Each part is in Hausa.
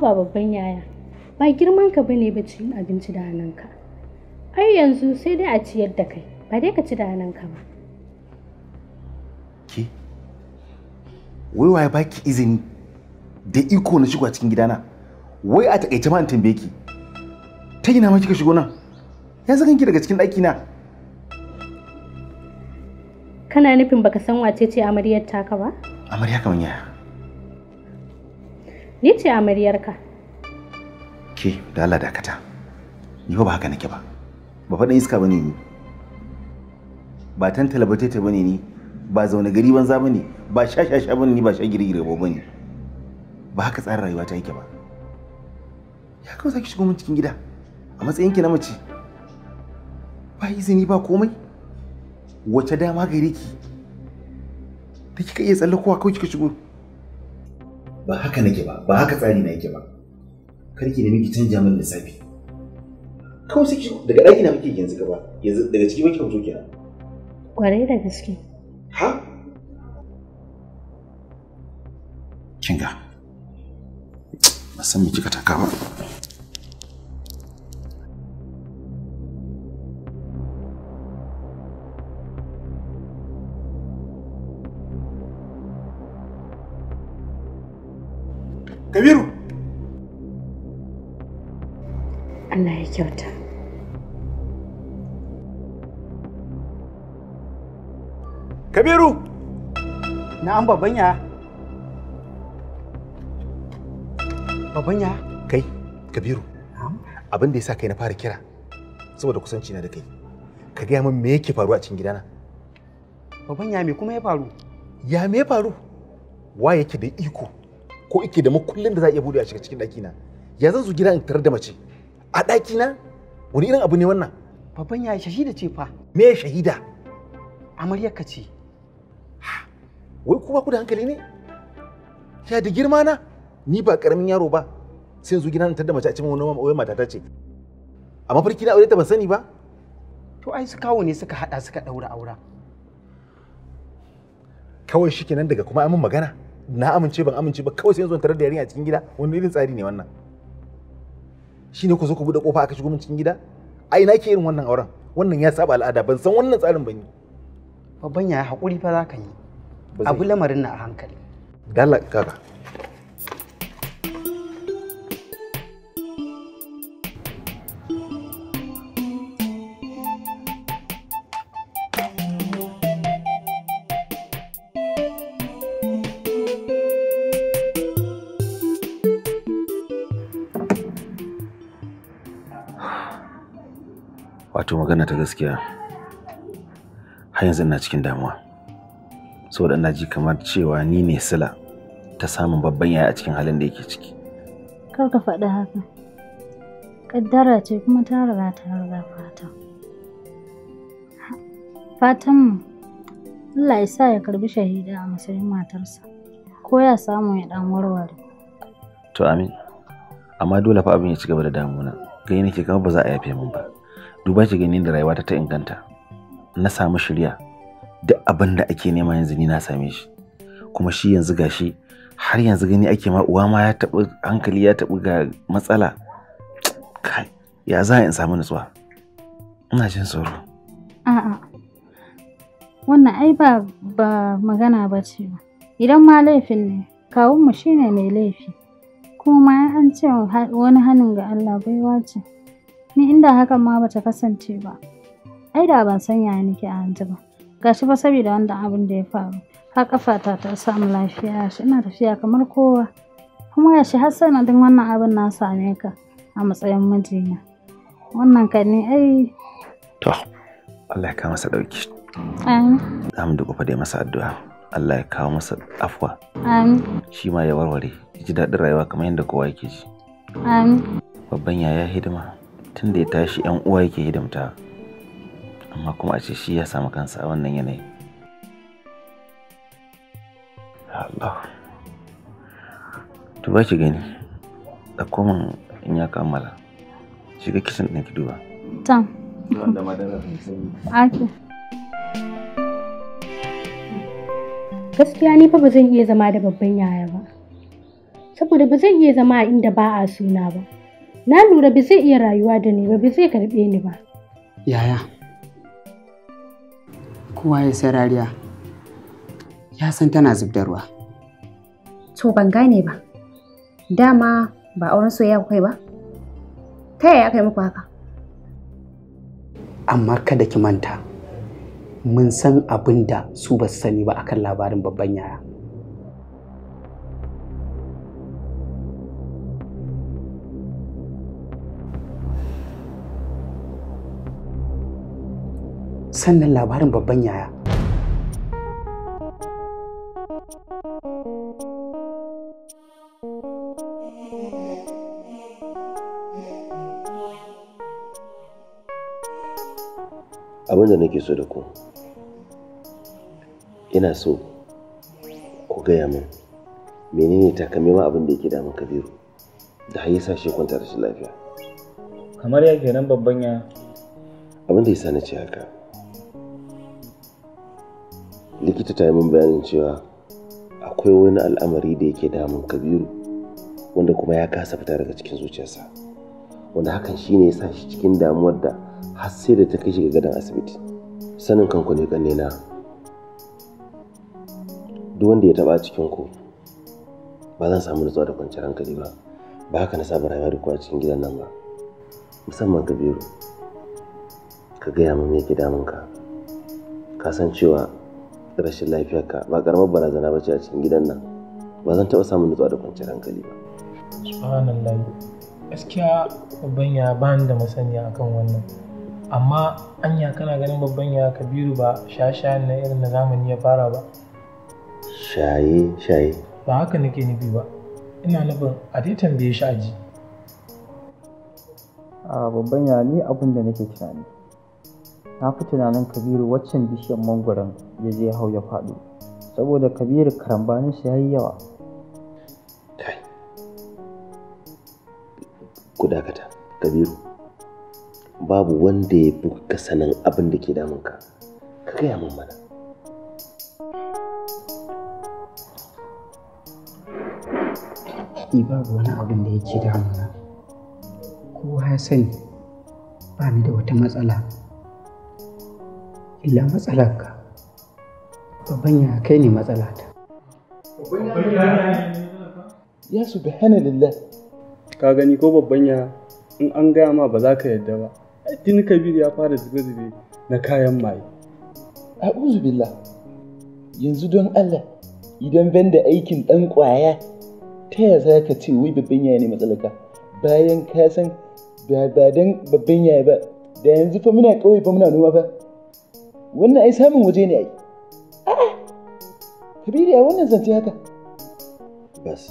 haba babban yaya ba girman ka bane ba cin abinci da hannunka ai yanzu sai dai a ciyar da kai ba dai ka ci da hannunka ba ki wai waye ki izini da iko na shigo a cikin gidana wai a takaice ma an tambaye ki ta ina ma kika shigo nan ya zagan ki daga cikin ɗaki na kana nufin baka san wace ce amaryar taka ba amarya kamar yaya Ni ce amaryarka. Ke, da Allah dakata. Ni ba haka nake ba. Ba faɗin iska bane ni. Ba tantala ba tete bane ni. Ba zaune gari banza bane. Ba sha bane ni ba shagirgire ba bane. Ba haka tsarin rayuwa ta yake ba. Ya kawo saki shigo min cikin gida. A matsayin ki na mace. Ba izini ba komai. Wace dama gari ki? Da kika iya tsallakowa kawai kika shigo. ba haka nake ba ba haka tsari na yake ba karki da miki canja min lissafi kawai sai daga ɗaki na muke yanzu gaba yanzu daga ciki muke fito kenan kwarai da gaske ha kinga ba san me kika taka ba Kabiru! Allah ya kyauta. Kabiru! Na'am babanya. Babanya? Kai, Kabiru. Abin da ya sa kai na fara kira, saboda kusanci na da kai. Ka gaya min me yake faruwa a cikin gidana? Babanya me kuma ya faru? Ya me faru? Wa yake da iko ko ike da makullin da za a iya bude a shiga cikin ɗakina ya zan su gida in tarar da mace a ɗakina wani irin abu ne wannan babban ya shahida ce fa me shahida amarya ka ce wai kuma ku da hankali ne ya da girma na ni ba karamin yaro ba sai yanzu gidan tar da mace a cikin wani wai mata ta ce a mafarki na aure ta ban sani ba to ai su kawo ne suka hada suka daura aura kawai shikenan daga kuma an magana na amince ban amince ba kawai sai yanzu tarar da yarinya a cikin gida wani irin tsari ne wannan shine ku zo ku bude kofa aka shigo min cikin gida ai na ke irin wannan auren wannan ya saba al'ada ban san wannan tsarin ba yi babban yaya hakuri fa za ka yi abu lamarin na a hankali dala kaka magana ta gaskiya har yanzu ina cikin damuwa saboda ina ji kamar cewa ni ne sila ta samun babban yaya a cikin halin da yake ciki kar ka faɗi haka ƙaddara ce kuma ta riga ta riga fata fatanmu Allah ya sa ya karbi shahida a matsayin matarsa ko ya samu ya dan warware to amin amma dole fa abin ya ci gaba da damuna gani nake kamar ba za a yafe min ba duba shi ganin da rayuwa ta inganta na samu shirya duk abin da ake nema yanzu ni na same shi kuma shi yanzu gashi har yanzu gani ake ma uwa ma ya taɓi hankali ya taɓi ga matsala ya za in samu nutsuwa ina jin tsoro a'a wannan ai ba ba magana ba ce ba idan ma laifin ne kawunmu shine mai laifi kuma an ce wani hannun ga Allah bai ce ni inda hakan ma bata kasance ba ai da ban san yaya nake a hanta ba gashi fa saboda wanda abin da ya faru har kafata ta samu lafiya shi ina tafiya kamar kowa kuma ya shi har sanadin wannan abin na same ka a matsayin mijina wannan kan ne ai to Allah ya kawo masa dauki amin mu ku fade masa addu'a Allah ya kawo masa afwa amin shi ma ya warware ji daɗin rayuwa kamar yadda kowa yake ji amin babban yaya hidima tun da ya tashi yan uwa yake hidimta amma kuma a ce shi ya samu kansa wannan yanayi Allah to ba ki gani da kuma in ya kammala shiga kishin ɗin ki duba tam gaskiya ni fa ba zan iya zama da babban yaya ba saboda ba zan iya zama a inda ba a suna ba na lura ba zai iya rayuwa da ni ba ba zai karɓe ni ba yaya kowa ya sarariya ya san tana zubdarwa to ban gane ba dama ba auren soyayya kai ba ta yaya aka yi muku haka amma kada ki manta mun san abin da su ba sani ba akan labarin babban yaya sannan labarin babban yaya abinda nake so da ku ina so ku gaya min menene takamaiman abin da yake damun kabiru da har yasa shi kwanta rashin lafiya kamar ya nan babban ya abin da yasa na ce haka likita ta yi min bayanin cewa akwai wani al'amari da yake damun kabiru wanda kuma ya kasa fita daga cikin zuciyarsa wanda hakan shi ya sa shi cikin damuwar da har sai da ta kai shi ga gadon asibiti sanin kanku ne kanne na duk wanda ya taba cikin ku ba zan samu nutsuwa da kwanciyar hankali ba ba haka na saba rayuwa da ku cikin gidan nan ba musamman kabiru ka gaya min me ke damun ka ka san cewa rashin ka, ba karamar barazana ba ce a cikin gidan nan ba zan taɓa samun nutsuwa da kwanciyar hankali ba. subhanallah gaskiya babban ya ba da masaniya akan wannan amma anya kana ganin babban ya kabiru ba shasha na irin na zamani ya fara ba shaye shaye ba haka nake nufi ba ina nufin a dai tambaye shi aji a babban ya ni abin da nake tunani na fi tunanin kabiru waccan bishiyar mangwaron ya je hau ya faɗo saboda kabiru karambanin ya yi yawa ku dakata kabiru babu wanda ya buka sanin abin da ke damunka ka gaya min mana ni babu wani abin da yake damuna kowa ya sani ba ni da wata matsala ila matsalarka babban ya kai ne matsalata ya su da hana lillah ka gani ko babban ya in an gaya ma ba za ka yadda ba addini kabir ya fara zube-zube na kayan maye a'udhu billah yanzu don allah idan ban da aikin dan kwaya ta ya za ka ce wai babban ya ne matsalaka bayan ka san ba dan babban ya ba da yanzu fa muna kawai fa muna noma ba? wannan ai samun waje ne ai kabiru ya wannan zance haka bas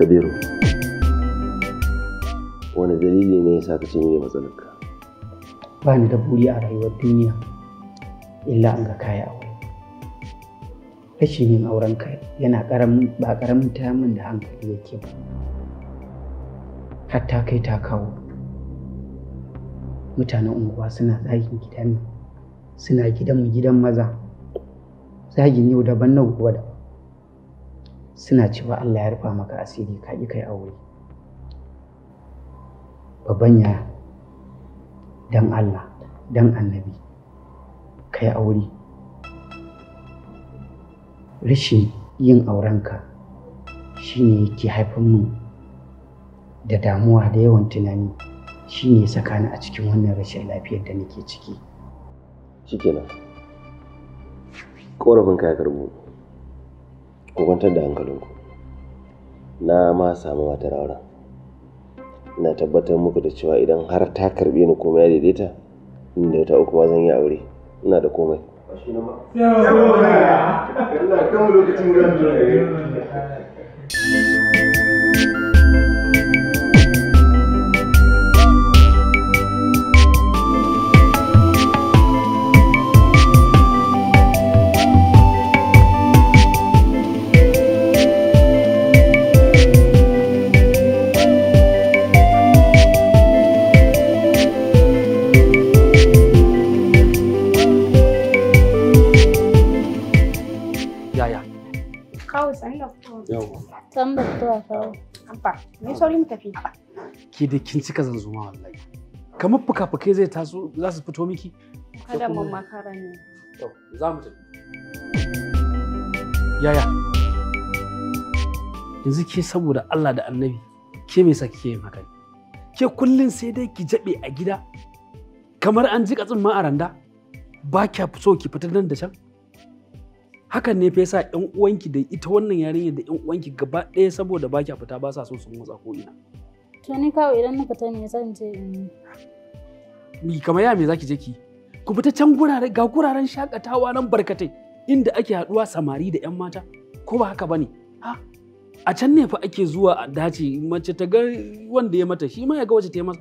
kabiru wani dalili ne ya saka ce ne matsalarka ba ni da buri a rayuwar duniya illa an ga kaya aure rashin yin auren kai yana ba karamin ta min da hankali yake ba hatta kai ta kawo mutanen unguwa suna zagin gidanmu suna gidanmu gidan maza zagin yau daban na gobe daban suna cewa Allah ya rufa maka asiri ka yi kai aure babban ya dan Allah dan annabi kai aure rashin yin aurenka shine yake haifar mu da damuwa da yawan tunani shi ne sakana a cikin wannan rashin lafiyar da nake ciki shikenan korafin ka ya karbu ku kwantar da hankalinku na ma samu wata raura ina tabbatar muku da cewa idan har ta karbe ni komai ya daidaita inda ta uku ma zan yi aure ina da komai kama lokacin ke da kin cika zanzuma wallahi kamar fuka-fukai zai taso za su fito miki kada mu makara ne to za mu tafi yaya yanzu ke saboda Allah da Annabi ke me yasa kike yin haka ke kullun sai dai ki jabe a gida kamar an ji katsin ma a randa ba kya so ki fita nan da can hakan ne fa yasa ƴan uwanki da ita wannan yarinyar da ƴan uwanki gaba ɗaya saboda ba kya fita ba sa so su motsa ko ina To ni me ya me zaki je ki? Ku fita can gurare ga guraren shakatawa nan barkatai inda ake haɗuwa samari da 'yan mata ko ba haka bane? Ha? Ah, a can ne fa ake zuwa a dace mace ta ga wanda ya mata shi ma ya ga wace ta masa.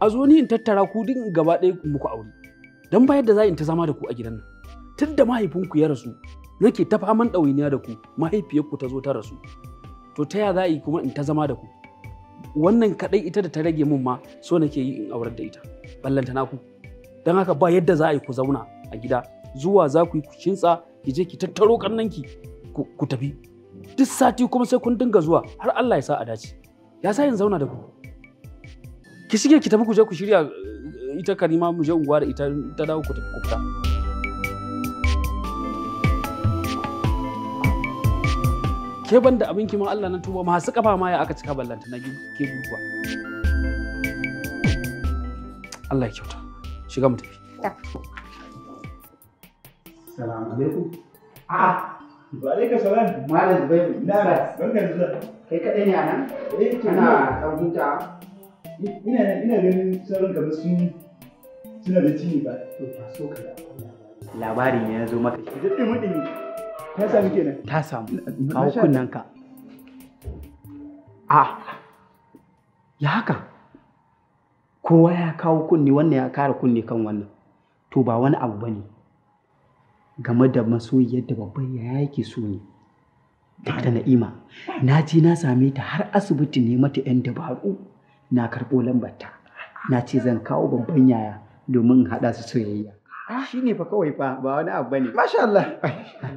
A zo ni in tattara ku duk gaba ɗaya muku aure. Dan bayar da za in ta zama da ku a gidan nan. Tun mahaifinku ya rasu nake ta faman ɗawainiya da ku mahaifiyarku ta zo ta rasu. To ta ya za yi kuma in ta zama da ku? wannan kaɗai ita da ta rage mun ma so nake yi in aurar da ita ballanta naku don haka ba yadda za a yi ku zauna a gida zuwa za ku yi ku kintsa ki je ki tattaro karnanki ku tafi duk sati kuma sai kun dinga zuwa har Allah ya sa a dace ya sa yin zauna da ku ki shige ki tafi ku je ku shirya eh, ita karima mu je unguwa da ita ta dawo ku tafi ku fita ke ban da abinki ma Allah na tuba masu kafa ma ya aka cika ballanta na ke gurguwa Allah ya kyauta shiga mu tafi Salamu alaikum. A'a, ba alaika salam. Malam bai na barka da zuwa. Kai kadai ne anan? Eh, kana na huta. Ina ina ganin sauran ka sun suna da ciki ba. To ba so ka Labari ne ya zo maka shi da ta samu kenan ta samu kawo ka a ya haka kowa ya kawo kunne wannan ya kara kunne kan wannan to ba wani abu bane game da masoyiyar da babban ya yake so ne ta na'ima na je na same ta har asibiti ne mata 'yan dabaru na karɓo lambarta na ce zan kawo babban yaya domin haɗa su soyayya Ah. shi ne fa kawai fa ba wani abu bane masha Allah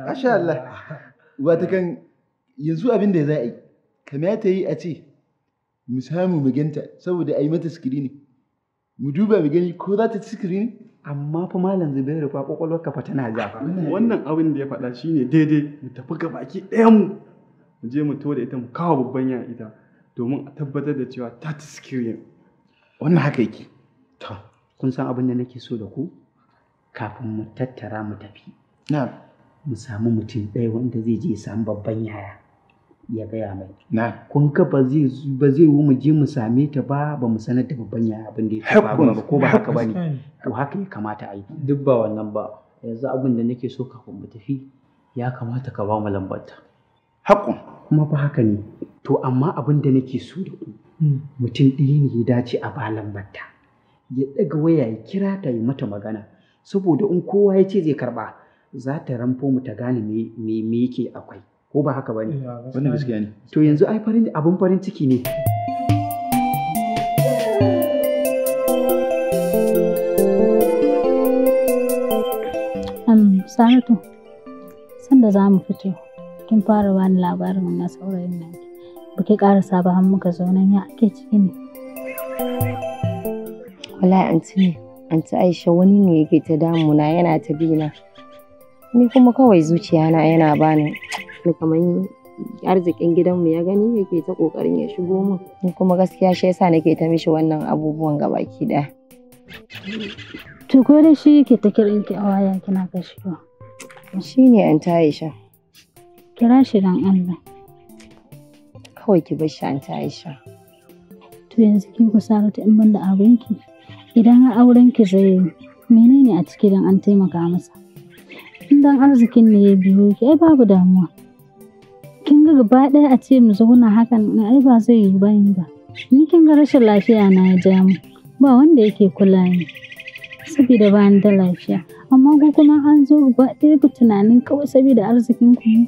masha Allah wata kan yanzu abin da za a yi kamata yi a ce mu samu mu saboda a yi mata sikirin mu duba mu gani ko za ta ci screening amma fa malam zubairu kwa kwakwalwar ka fata tana ja wannan abin da ya faɗa shine daidai mu tafi ga baki ɗayan mu mu je mu tore ita mu kawo babban ya ita domin a tabbatar da cewa ta ci screening wannan haka yake to kun san abin da nake so da ku kafin mu tattara mu tafi mu samu mutum ɗaya wanda zai je samu babban yaya ya gaya mai kun ka ba zai wu mu je mu same ta ba ba mu sanar da babban yaya abin da ya faru ba ko ba haka ba ne to haka ya kamata a yi duk ba wannan ba yanzu abin da nake so kafin mu tafi ya kamata ka ba mu lambarta haƙun kuma ba haka ne to amma abin da nake so da ku hmm. mutum ɗaya ne ya dace a ba lambarta ya ɗaga waya ya kira ta yi mata magana saboda in kowa ya ce zai karba za ta ramfo mu ta gane me me yake akwai ko ba haka bane wannan gaskiya ne to yanzu ai farin abun farin ciki ne Saratu, sanda za mu fito, kin fara bani labarin na saurayin nan. Ba ƙara saba ba har muka zo nan ya ake ciki ne. Wallahi an anti aisha wani ne yake ta damu na, yana ta bina ni kuma kawai zuciya na yana bani ni kamar arzikin gidanmu ya gani yake ta kokarin ya shigo min ni kuma gaskiya shi yasa nake ta mishi wannan abubuwan gabaki da to ko da shi yake ta kiran ki a waya kina kashewa shine Anta aisha kira shi dan Allah kawai ki bar shi Anta aisha to yanzu ki ku sarata in banda da abinki Idan auren ki zai menene a ciki don an taimaka masa? dan arzikin ne ya biyo ki, ai babu damuwa. Kin ga gaba ɗaya a ce mu zauna hakan na ai ba zai yi bane ba. Ni kin ga rashin lafiya na ya ja mu, ba wanda yake kula ni. Saboda ba ni da lafiya, amma ku kuma an zo gaba ɗaya ku tunanin kawai saboda arzikin ku ne.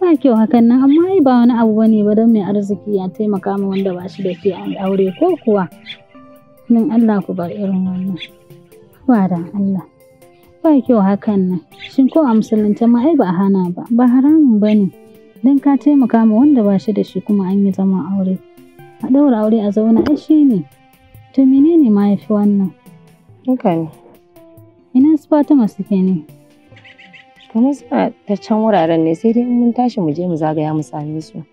ba kyau hakan nan amma ai ba wani abu bane ba don mai arziki ya taimaka ma wanda ba shi da ke aure ko kuwa nan Allah ku bar irin wannan. Ba da Allah. Ba kyau hakan nan. Shin ko a musulunta ma ai ba a hana ba, ba haramun ba ne. Don ka taimaka ma wanda ba shi da shi kuma an yi zama aure. A ɗaura aure a zauna ai shi ne. To menene ma ya fi wannan? Haka ne. Ina su Fatima suke ne? Kamar ta can wuraren ne sai dai in mun tashi mu je mu zagaya mu same su.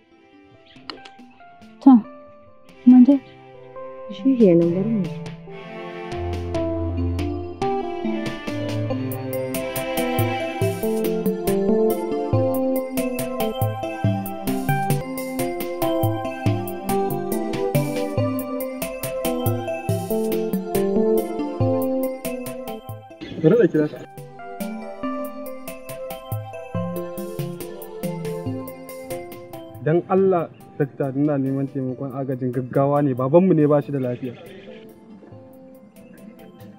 To, shi kenan bari mu Bari da kira Dan Allah dakta ina neman taimakon agajin gaggawa ne babanmu ne ba shi da lafiya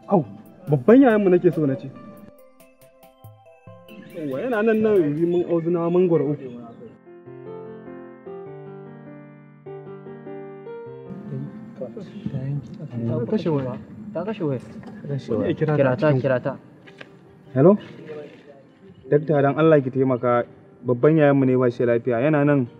au babban yayanmu nake so na ce yawwa yana nan nan yanzu mun auzuna mun gwara uku ta kashe waya kirata kirata hello dakta dan Allah ki taimaka babban yayanmu ne ba shi lafiya yana nan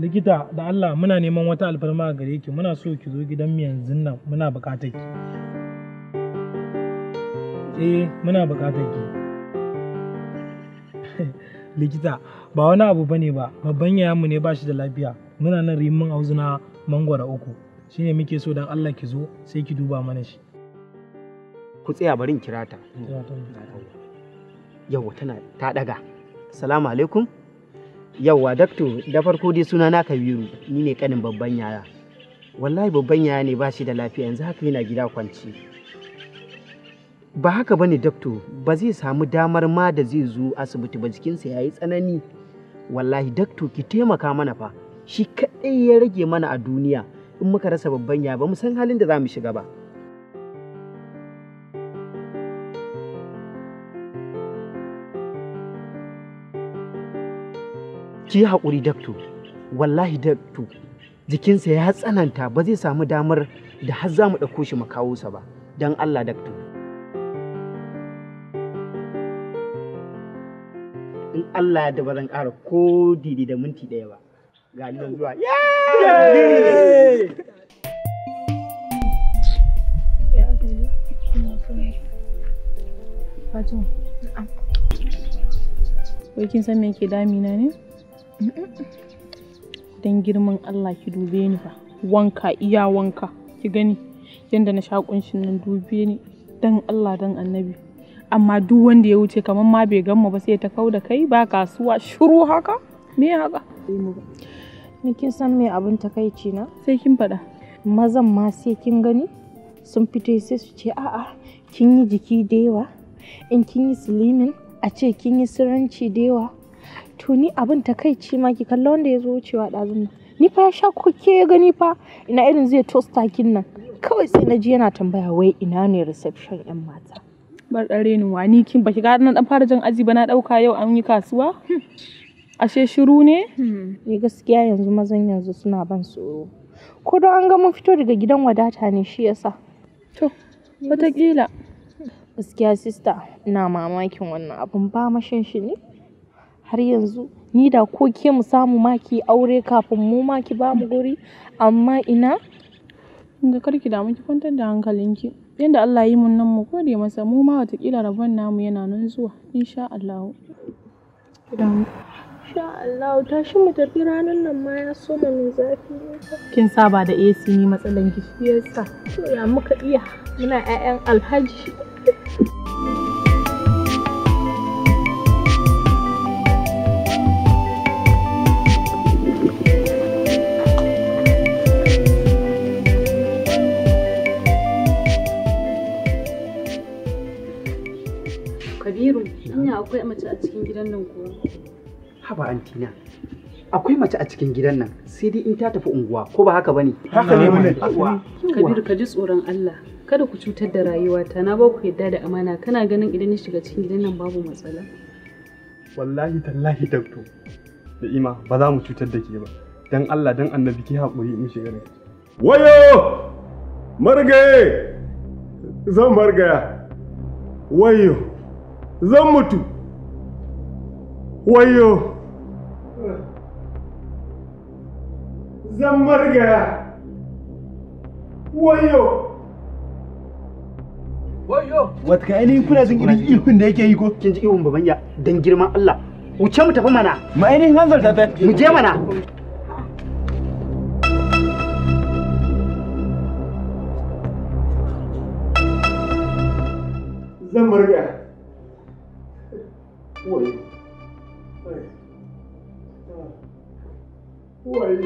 Likita da Allah muna neman wata alfarma a gare ki muna so ki zo gidan mu yanzu nan muna buƙatar ki. Eh muna buƙatar ki. Likita ba wani abu bane ba babban yayanmu ne ba shi da lafiya muna nan rimin auzuna mangwara uku shine muke so dan Allah ki zo sai ki duba mana shi. Ku tsaya barin kirata. yawa tana ta daga. assalamu alaikum. yauwa dakto da farko dai suna na kabiru ni ne kanin babban yaya wallahi babban yaya ne ba shi da lafiya yanzu haka yana gida kwanci ba haka bane dakto ba zai samu damar ma da zai zo asibiti ba jikinsa ya yi tsanani wallahi dakto ki taimaka mana fa shi kaɗai ya rage mana a duniya in muka rasa babban yaya ba mu san halin da za mu shiga ba ki haƙuri dakto wallahi dakto jikinsa ya tsananta ba zai samu damar da har za mu ɗauko shi mu kawo sa ba don Allah dakto in Allah ya ba zan ƙara ko didi da minti ɗaya ba ga nan zuwa Wai kin san me ke damina ne? Dan girman Allah ki dube ni fa. Wanka iya wanka. Ki gani yadda na sha kunshin nan dube ni. Dan Allah dan annabi. Amma duk wanda ya wuce kamar ma bai gamma ba sai ta kau da kai ba kasuwa shiru haka. Me haka? Ni kin san me abin takaici na? Sai kin faɗa. Mazan ma sai kin gani sun fito sai su ce a'a kin yi jiki da yawa in kin yi silimin a ce kin yi siranci da yawa to ni abin takaici ma ki kalla wanda ya zo wucewa ɗazun nan ni fa ya sha kuke ya gani fa ina irin zai tosta kin nan kawai sai na ji yana tambaya wai ina ne reception yan mata bar dare ni wani kin baki ga nan dan fara jan aji ba na ɗauka yau an yi kasuwa ashe shiru ne ni gaskiya yanzu mazan yanzu suna ban tsoro ko don an ga mun fito daga gidan wadata ne shi yasa to wataƙila gaskiya sista ina mamakin wannan abun ba mashin shi ne har yanzu ni da koke mu samu maki aure kafin mu ma ki ba guri amma ina Inga karki da damu ki kwantar da hankalinki yanda Allah yi mun nan mu gode masa mu ma watakila rabon namu yana nan zuwa insha Allah insha Allah tashi mu tafi ranar nan ma ya so mai zafi kin saba da AC ni matsalan ki yasa to ya muka iya muna ƴaƴan alhaji Anya akwai mace a cikin gidan nan kuwa. Haba antina. Akwai mace a cikin gidan nan sai dai in ta tafi unguwa ko ba haka bane. Haka ne mun Kabiru ka ji tsoron Allah. Kada ku cutar da rayuwata na ba ku yadda da amana kana ganin idan na shiga cikin gidan nan babu matsala. Wallahi tallahi dakto. Da ima ba za mu cutar da ke ba. Dan Allah dan annabi ki haƙuri mu shiga ne. Wayo! Margaye! Zan margaya. Wayo! zan mutu wayo zan margaya wayo wayo wata ka ainihin kuna jin irin ihun da yake yi ko kin ji ihun babanya don girman Allah wuce mu tafi mana mu ainihin hanzarta ta mu je mana zan margaya Wayo. Wayo.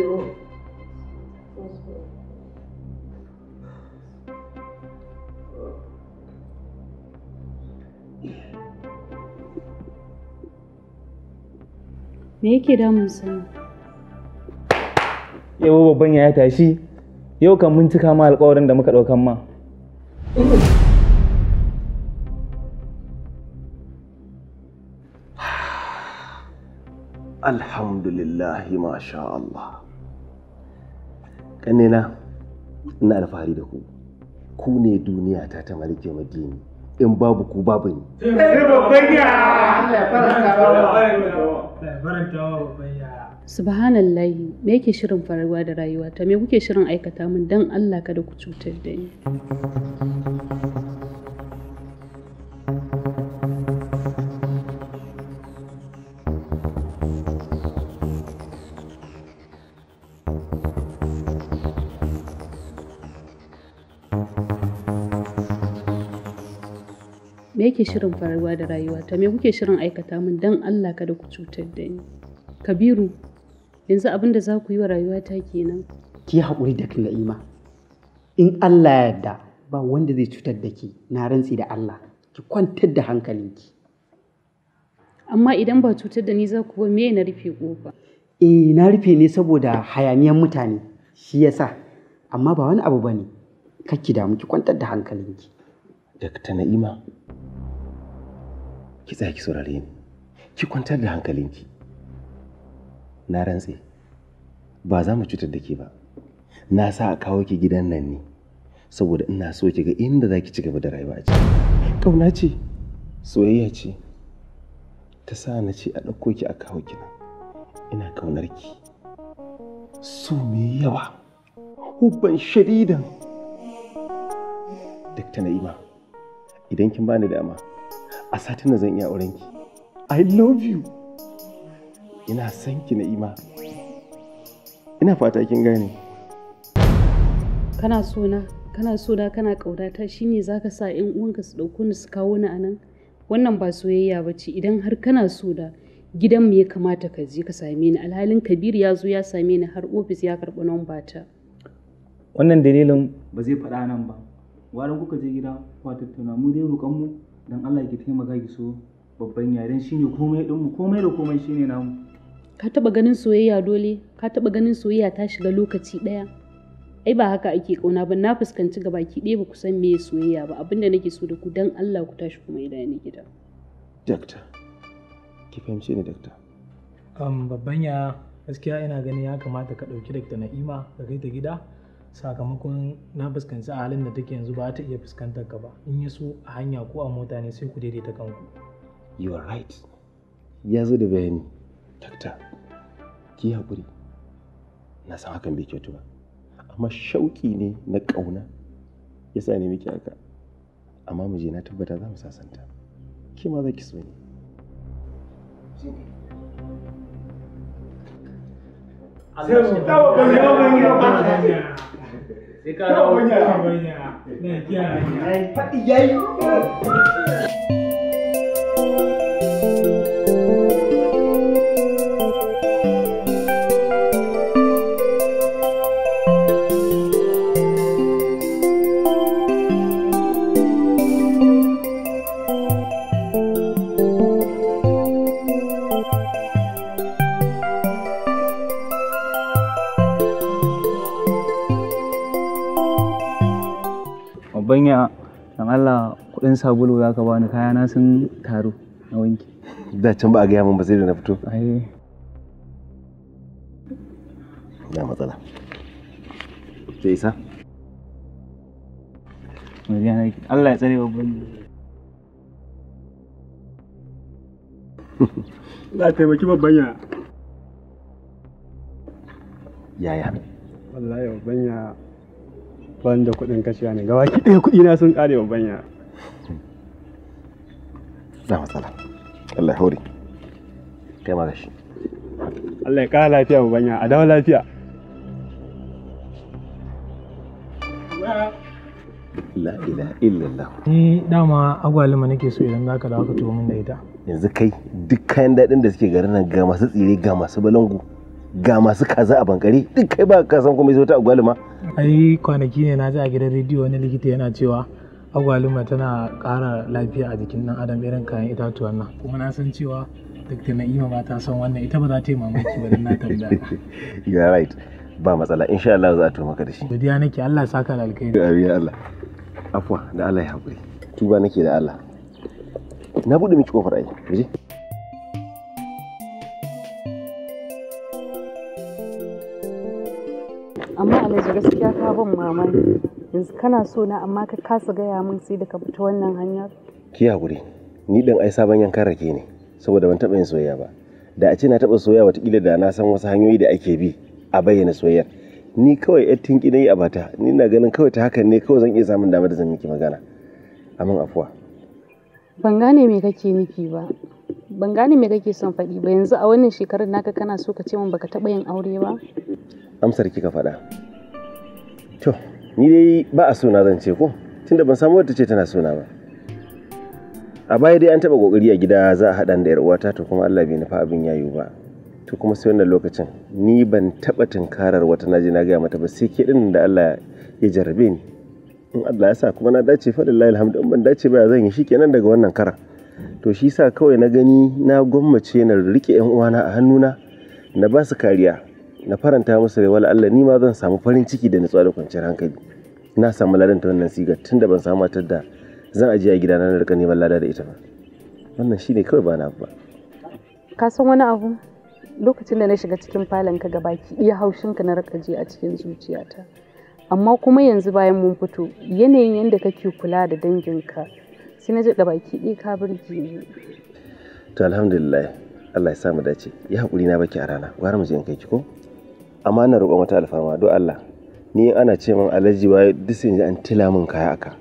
Me yake damun sani? Yau babban ya tashi, yau kan bincika ma alƙawarin da muka ɗaukan ma. alhamdulillahi masha Allah ƙannena ina alfahari da ku ku ne duniya ta ta malike madini in babu ku babu ni Subhanallah, me yake shirin faruwa da rayuwa ta me kuke shirin aikata min don allah kada ku cutar da ni me yake shirin faruwa da rayuwa ta me kuke shirin aikata min don Allah kada ku cutar da ni kabiru yanzu abin da za ku yi wa rayuwata kenan ki haƙuri da na'ima in Allah ya yarda ba wanda zai cutar da ki na rantsi da Allah ki kwantar da hankalinki amma idan ba cutar da ni za ku ba me na rufe kofa eh na rufe ne saboda hayaniyan mutane shi yasa amma ba wani abu bane kakki damu ki kwantar da hankalinki Dakta Na'ima. ki tsaya ki saurare ni ki kwantar da hankalinki na rantse ba za mu cutar da ke ba na sa a kawo ki gidan nan ne saboda ina so ki ga inda za ki ci gaba da rayuwa ce kauna ce soyayya ce ta sa na ce a ɗauko ki a kawo ki nan ina kaunar ki so mai yawa hubban shadidan ta Na'ima, idan kin bani dama, a satin da zan iya auren ki i love you ina son ki na ima ina fata kin gane kana sona kana sona kana ƙaunata shine zaka sa 'yan uwanka su dauko ni su kawo ni anan wannan ba soyayya ba ce idan har kana so da gidan mu ya kamata ka je ka same ni alhalin kabir ya zo ya same ni har ofis ya karɓi namba ta wannan dalilin ba zai faɗa nan ba warin kuka je gida ku tattauna mu dai roƙon mu don Allah ki taimaka ki so babban yaren shine komai din mu komai da komai shine namu ka taba ganin soyayya dole ka taba ganin soyayya ta shiga lokaci daya ai ba haka ake kauna ba na fuskanci gabaki ɗaya ba ku san me soyayya ba abinda nake so da ku dan Allah ku tashi kuma ida ni gida dakta ki fahimce ni dakta am babban ya gaskiya ina ganin ya kamata ka ɗauki dakta na'ima ka kai ta gida sakamakon na fuskanci a halin da take yanzu ba ta iya fuskantar ka ba in ya so a hanya ko a mota ne sai ku daidaita kanku you are right ya zo da bayani takta, ki haƙuri na san hakan bai kyautu ba amma shauƙi ne na ƙauna ya sa ne miki haka amma mu je na tabbata za mu sasanta ki ma za ki so ne Sai mu tabbata Sekarang punya. Punya. Nah, jangan. Pati jayu. yan sabulu za ka bani kayana sun taru na wanki da can ba a gaya min ba sai da na fito ai na matsala Ta isa Allah ya tsare babban Za a taimaki babban ya. Yaya? Wallahi babban ya ban da kuɗin kashiya ne. Gaba ki ɗaya kuɗi na sun ƙare babban ya. ba matsala Allah ya hore kai ma da shi Allah ya kara lafiya banya, a dawo lafiya la ilaha illallah ni dama agwaluma nake so idan zaka dawo ka tuwo min da ita yanzu kai duk kayan daɗin da suke garin nan ga masu tsire ga masu balangu ga masu kaza a bankare duk kai ba ka san kuma zo ta agwaluma ai kwanaki ne na ji a gidan rediyo wani likita yana cewa agwaluma tana ƙara lafiya a jikin ɗan adam irin kayan itatuwan nan kuma na san cewa duk da na'ima ba ta son wannan ita ba za ta yi mamaki ba na tambaya you are right ba matsala insha Allah za a tuwo maka da shi godiya nake Allah saka da alkhairi amin Allah afwa da Allah ya haƙuri tuba nake da Allah na buɗe miki kofar ai je amma alhaji gaskiya ka ban mamaki yanzu kana so na amma ka kasa gaya min sai da ka fita wannan hanyar ki hakuri ni din ai sabon yankan rake ne saboda ban taba yin soyayya ba da a ce na taba soyayya watakila da na san wasu hanyoyi da ake bi a bayyana soyayyar ni kawai yar tinki na yi a bata ni na ganin kawai ta hakan ne kawai zan iya samun dama da zan miki magana amin afuwa ban gane me kake nufi ba ban gane me kake son faɗi ba yanzu a wannan shekarar naka kana so ka ce min baka taba yin aure ba amsar kika faɗa ni dai ba a suna zan ce ko tunda ban samu wadda ce tana suna ba a baya dai an taba kokari a gida za a haɗa da yar uwata to kuma Allah bai nufa abin yayu ba to kuma sai wannan lokacin ni ban taba tunkarar wata naji na gaya mata ba sai ke din da Allah ya jarrabe ni in Allah ya sa kuma na dace fa lillahi alhamdu in ban dace ba zan yi shikenan daga wannan karan to shi sa kawai na gani na gwammace na rike yan uwana a hannuna na ba su kariya na faranta musu rai wala Allah ni ma zan samu farin ciki da nutsuwa da kwanciyar hankali na samu ladan ta wannan sigar tunda ban samu matar da zan aje a gidana na rika neman lada da ita ba wannan shine kawai ba na ba ka san wani abu lokacin da na shiga cikin falon ka ki iya haushin ka na rika ji a cikin zuciyata amma kuma yanzu bayan mun fito yanayin yadda kake kula da danginka sai na ji baki ɗaya ka burge ni to alhamdulillah Allah ya sa dace ya haƙuri na baki a rana gwara mu je in kai ki ko amma na roƙon wata alfarma do Allah ni ana ce min alhaji waye duk sun ji an tila min kaya aka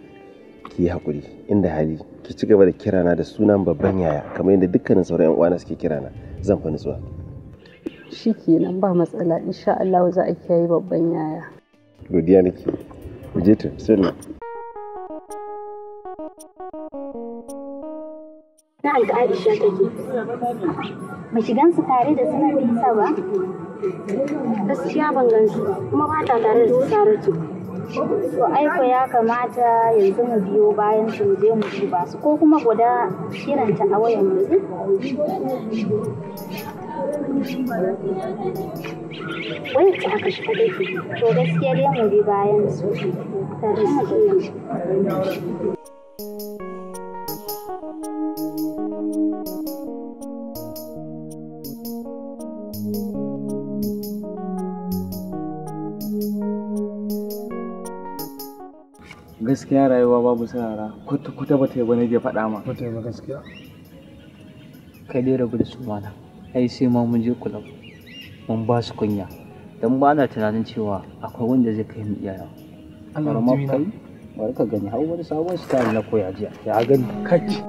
ki yi hakuri inda hali ki ci gaba da kirana da sunan babban yaya kamar yadda dukkanin sauran yan uwana suke kirana zan fa nutsuwa shikenan ba matsala insha Allah za a kiyaye babban yaya godiya nake ku je ta sunna na da Aisha take ba su tare da sunan Lisa ba gaskiya ban gansu kuma ba ta tare da saratu to aiko ya kamata yanzu mu biyo bayan su je mu duba su ko kuma guda kiranta a wayan mu wai ta aka shiga dake to gaskiya dai mu bi bayan su tare su gaskiya rayuwa babu sarara kuta ba ta yi bane ke faɗa ma kuta yi ba gaskiya kai dai rabu da su mana ai sai ma mun je mun ba su kunya dan ba na tunanin cewa akwai wanda zai kai mu iyaya Allah ma kai ka gani har wani sabon style na koya jiya ya gani kai je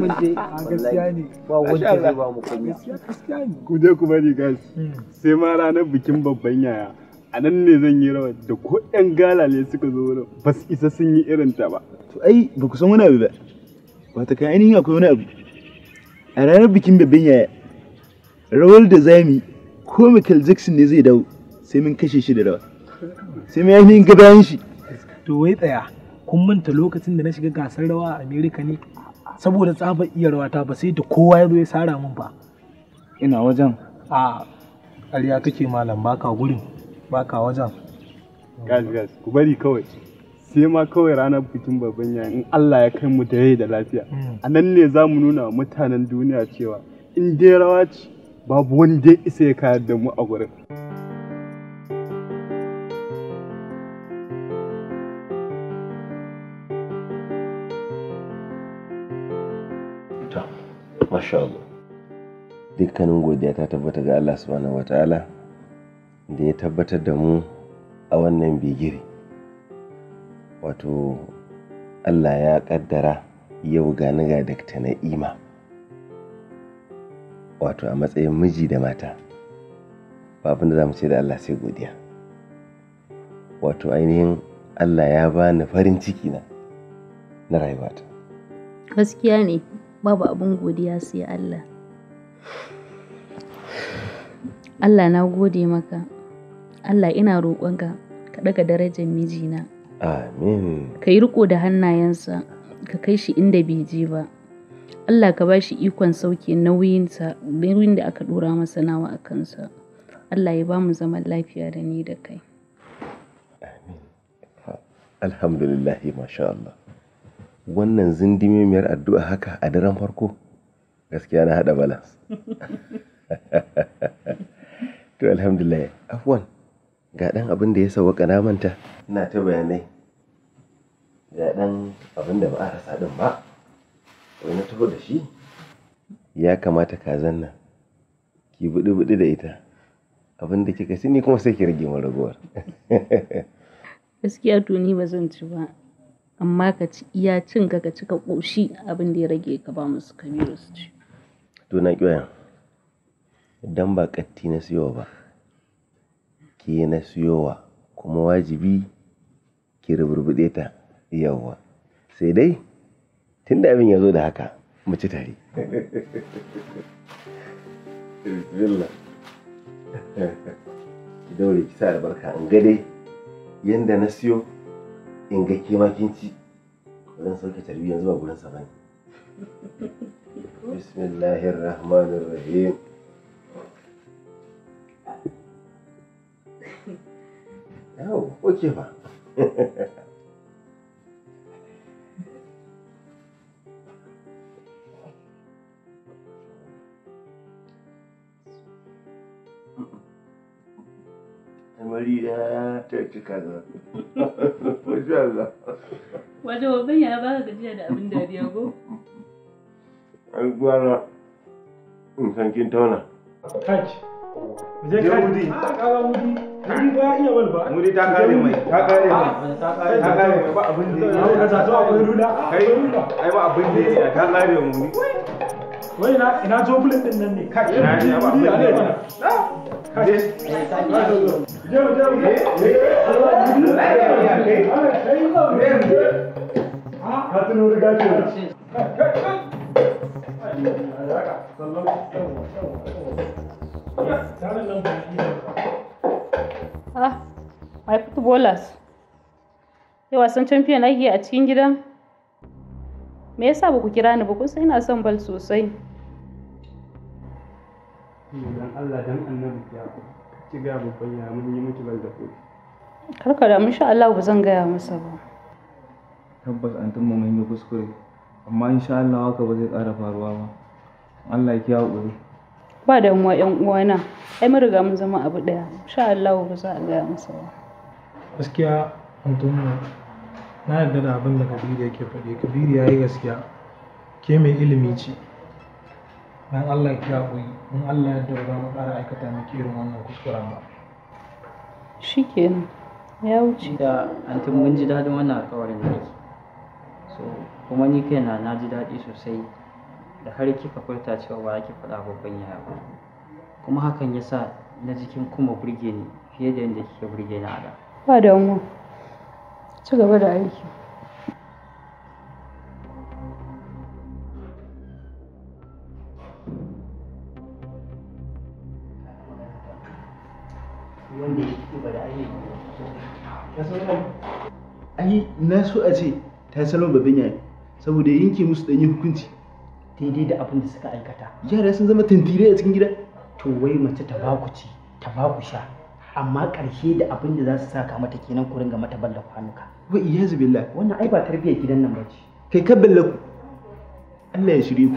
gaskiya ne ba ba mu kunya gaskiya ne ku ku bari gas, hmm. sai ma ranar bikin babban yaya a nan ne zan yi rawar da ko yan ne suka zo wurin ba su isa sun yi irin ta ba to ai ba ku san wani abu ba ta kan ainihin akwai wani abu a ranar bikin babban yaya rawar da zami ko Michael Jackson ne zai dawo sai mun kashe shi da rawa sai mun ainihin gabayan shi to wai tsaya kun manta lokacin da na shiga gasar rawa a America ne saboda tsabar iya rawa ta ba sai da kowa ya zo ya sara min ba ina wajen a ƙarya kake malam baka gurin baka wajen gas gas ku bari kawai sai ma kawai ranar bikin babban yayi in Allah ya kai mu da yai da lafiya hmm. a nan ne za mu nuna mutanen duniya cewa in dai rawa ce babu wanda ya isa ya kayar da mu a gurin Masha Allah. Dukkanin godiya ta tabbata ga Allah subhanahu wa ta'ala da ya tabbatar da mu a wannan bigire wato allah ya kaddara yau gani ga dakta na'ima wato a matsayin miji da mata ba abin da za ce da allah sai godiya wato ainihin allah ya bani farin ciki na na rayuwata gaskiya ne babu abin godiya sai allah allah na gode maka Allah ina roƙonka ka ɗaga darajar mijina. Amin. Ka yi riko da hannayensa ka kai shi inda bai je ba. Allah ka ba shi ikon sauke nauyinsa nauyin da aka ɗora masa nawa a kansa. Allah ya ba mu zaman lafiya da ni da kai. Amin. Alhamdulillahi masha Allah. Wannan zindimimiyar addu'a haka a daren farko gaskiya na haɗa balas. to alhamdulillah afwan ga ɗan abin da ya sauwa na ina ta bayanai ga ɗan abin da ba a rasa ɗin ba wani na taho da shi ya kamata kazan nan ki buɗi-buɗi da ita abin da kika ni kuma sai ki rage min ragowar gaskiya to ni ba zan ci ba amma ka ci iya cin ka ci ka ƙoshi abin da ya rage ka ba musu kabiru su ci to na ƙyoyan idan ba ƙatti na siyo ba ke na siyowa kuma wajibi ki rubrubuɗe ta yawwa Sai dai tunda abin ya zo da haka mu ci tare. Ki daure ki sa albarka in ga dai yanda na siyo in ga ke ma sauke tarbiyyar zuwa gurin sa bane. Bismillahirrahmanirrahim. Yawo, oke ba. Amarya ta cika za. Masha Allah. ya ba gajiya da abin dariya ko? Ai gwara in san kin tauna. Muje ka kaga ta Ni ba iya wani ba. Wuri ta kare mai. Ta kare mai. Ta kare ta mai ba abin da ya. Ka zato akwai ruda. Kai ai ba abin da ya ta kare mu. Wai na ina zo bullet din nan ne. Kai ina ba abin da ya. Ka tuno riga ce. Kai kai. Sallallahu alaihi Bolas, ya wasan champion ake a cikin gidan me yasa ba ku kira ni ba kun san ina son bal sosai dan Allah dan annabi ya ci ga babban ya mun yi miki bal da ku karka da insha Allah ba zan gaya masa ba tabbas an tumma mun yi kuskure amma insha Allah haka ba zai ƙara faruwa ba Allah ya haƙuri ba da yan uwana ai mun riga mun zama abu daya insha Allah ba za a ga masa ba Gaskiya mutum na yarda da abin da Kabiru yake faɗi. Kabiru ya yi gaskiya. Ke mai ilimi ce. Don Allah ya kuyi In Allah ya yarda ba mu ƙara aikata miki irin wannan kuskuren ba. ke Ya wuce. Da anti mun ji daɗin wannan alƙawarin da yake. So kuma ni kai na ji daɗi sosai da har kika furta cewa ba ki faɗa babban yaya ba. Kuma hakan ya sa na jikin kuma burge ni fiye da yadda kike burge ni a da. ba damuwa ci gaba da aiki ai na so a ce ta salon babin yayi saboda yanke musu ɗanyen hukunci daidai da abin da suka aikata yara sun zama tantire a cikin gida to wai mace ta baku ci ta baku sha amma ƙarshe da abin da za su saka mata kenan ku ringa mata balla kwanuka wa iyazu billah wannan ai ba tarbiyyar gidan nan ba ce kai ka balla Allah ya shirye ku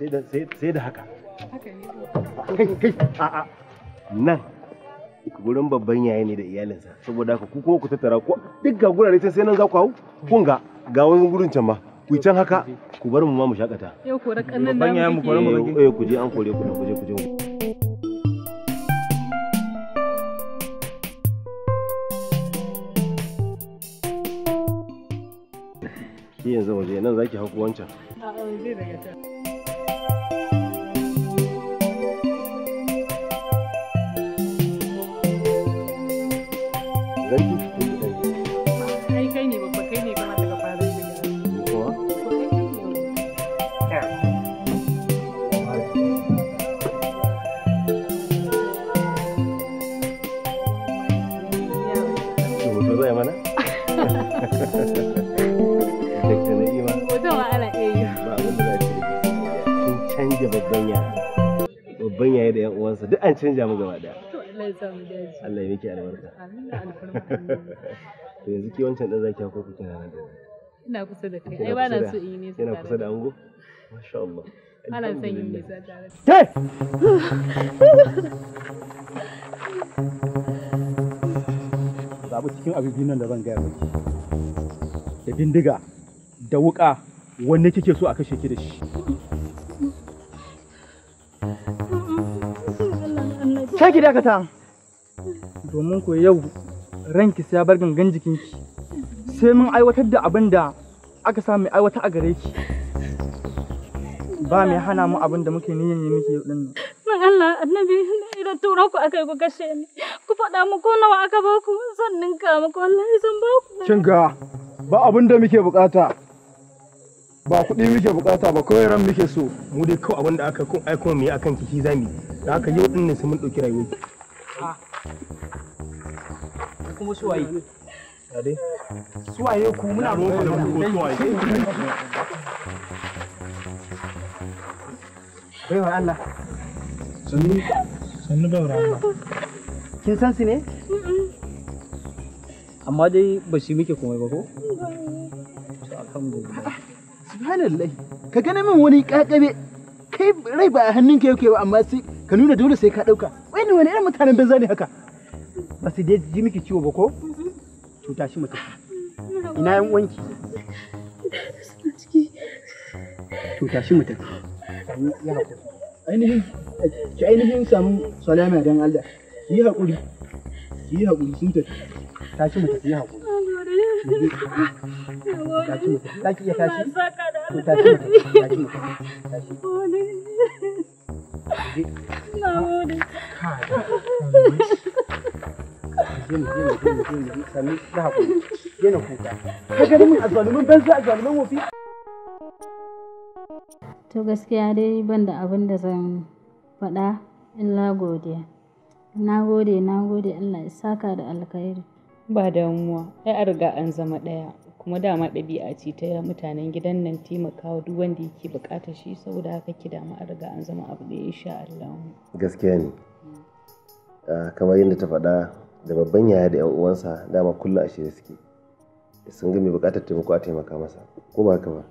sai da haka kai kai a'a nan gurin babban yayi ne da iyalinsa saboda haka ku ko ku tattara ko duk ga gurare sai sai nan za ku hawo kun ga ga wani gurin can ma ku can haka ku bar mu ma mu shakata yau ko rakan nan babban yayi mu kore mu eh ku je an kore ku ku je ku je shi yanzu waje nan zaki hau wancan a'a zai daga can babban yayi da yan uwansa duk an canja mu gaba daya to Allah ya Allah ya miki albarka amin to yanzu ki wancan dan zaki ko kuke nan da ina kusa da kai ai ba na so in yi nisa ina kusa da ango masha Allah ana son yin nisa tare zaɓi cikin abubuwan nan da zan gaya miki da bindiga da wuka wanne kike so a kashe ki da shi Thank you. Ke dakata. Domin ku yau ranki sai ya bar gangan jikinki. Sai mun aiwatar da abin da aka samu aiwata a gare ki. Ba mai hana mu abin da muke niyan yi muke yau dinnan. Nan Allah annabi idan tura ku akai ku kashe ni. Ku faɗa mu ko nawa aka ba ku mu ko muku ya san ba ku. Kin ga ba abin da muke bukata. ba kuɗi muke bukata ba kawai ran muke so mu dai kawai abinda aka kun aiko mu yi akan kiki zami da aka yi din ne sai mun ɗauki rayuwar ki kuma su waye dade su waye ku muna ruwan ku da ku su waye bai wa Allah sannu sannu ba wa Allah kin san su ne amma dai ba shi muke komai ba ko alhamdulillah Subhanallah, ka gane min wani kakabe kai rai ba a hannun ka yake ba amma sai ka nuna dole sai ka dauka wai ne wani irin mutanen banza ne haka ba su dai ji miki ciwo ba ko cuta shi mutum ina yan wanki cuta shi mutum ainihin ki ainihin samu salama dan Allah yi hakuri yi hakuri sun tafi tashi mutum tafi. yi hakuri To gaskiya dai ban da abin da zan faɗa illa godiya. Na gode, na gode Allah ya saka da alkhairi. Ba damuwa, ai a riga an zama ɗaya, kuma dama ɗabi'a ce ta mutanen gidan nan taimakawa duk wanda yake buƙatar shi saboda haka ki dama a riga an zama abu da ya sha Allah. Gaskiya ne. Ah, kamar yadda ta faɗa da babban yaya da 'yan uwansa dama kullum a shirye suke. Sun ga mai buƙatar taimako a taimaka masa, ko ba haka ba?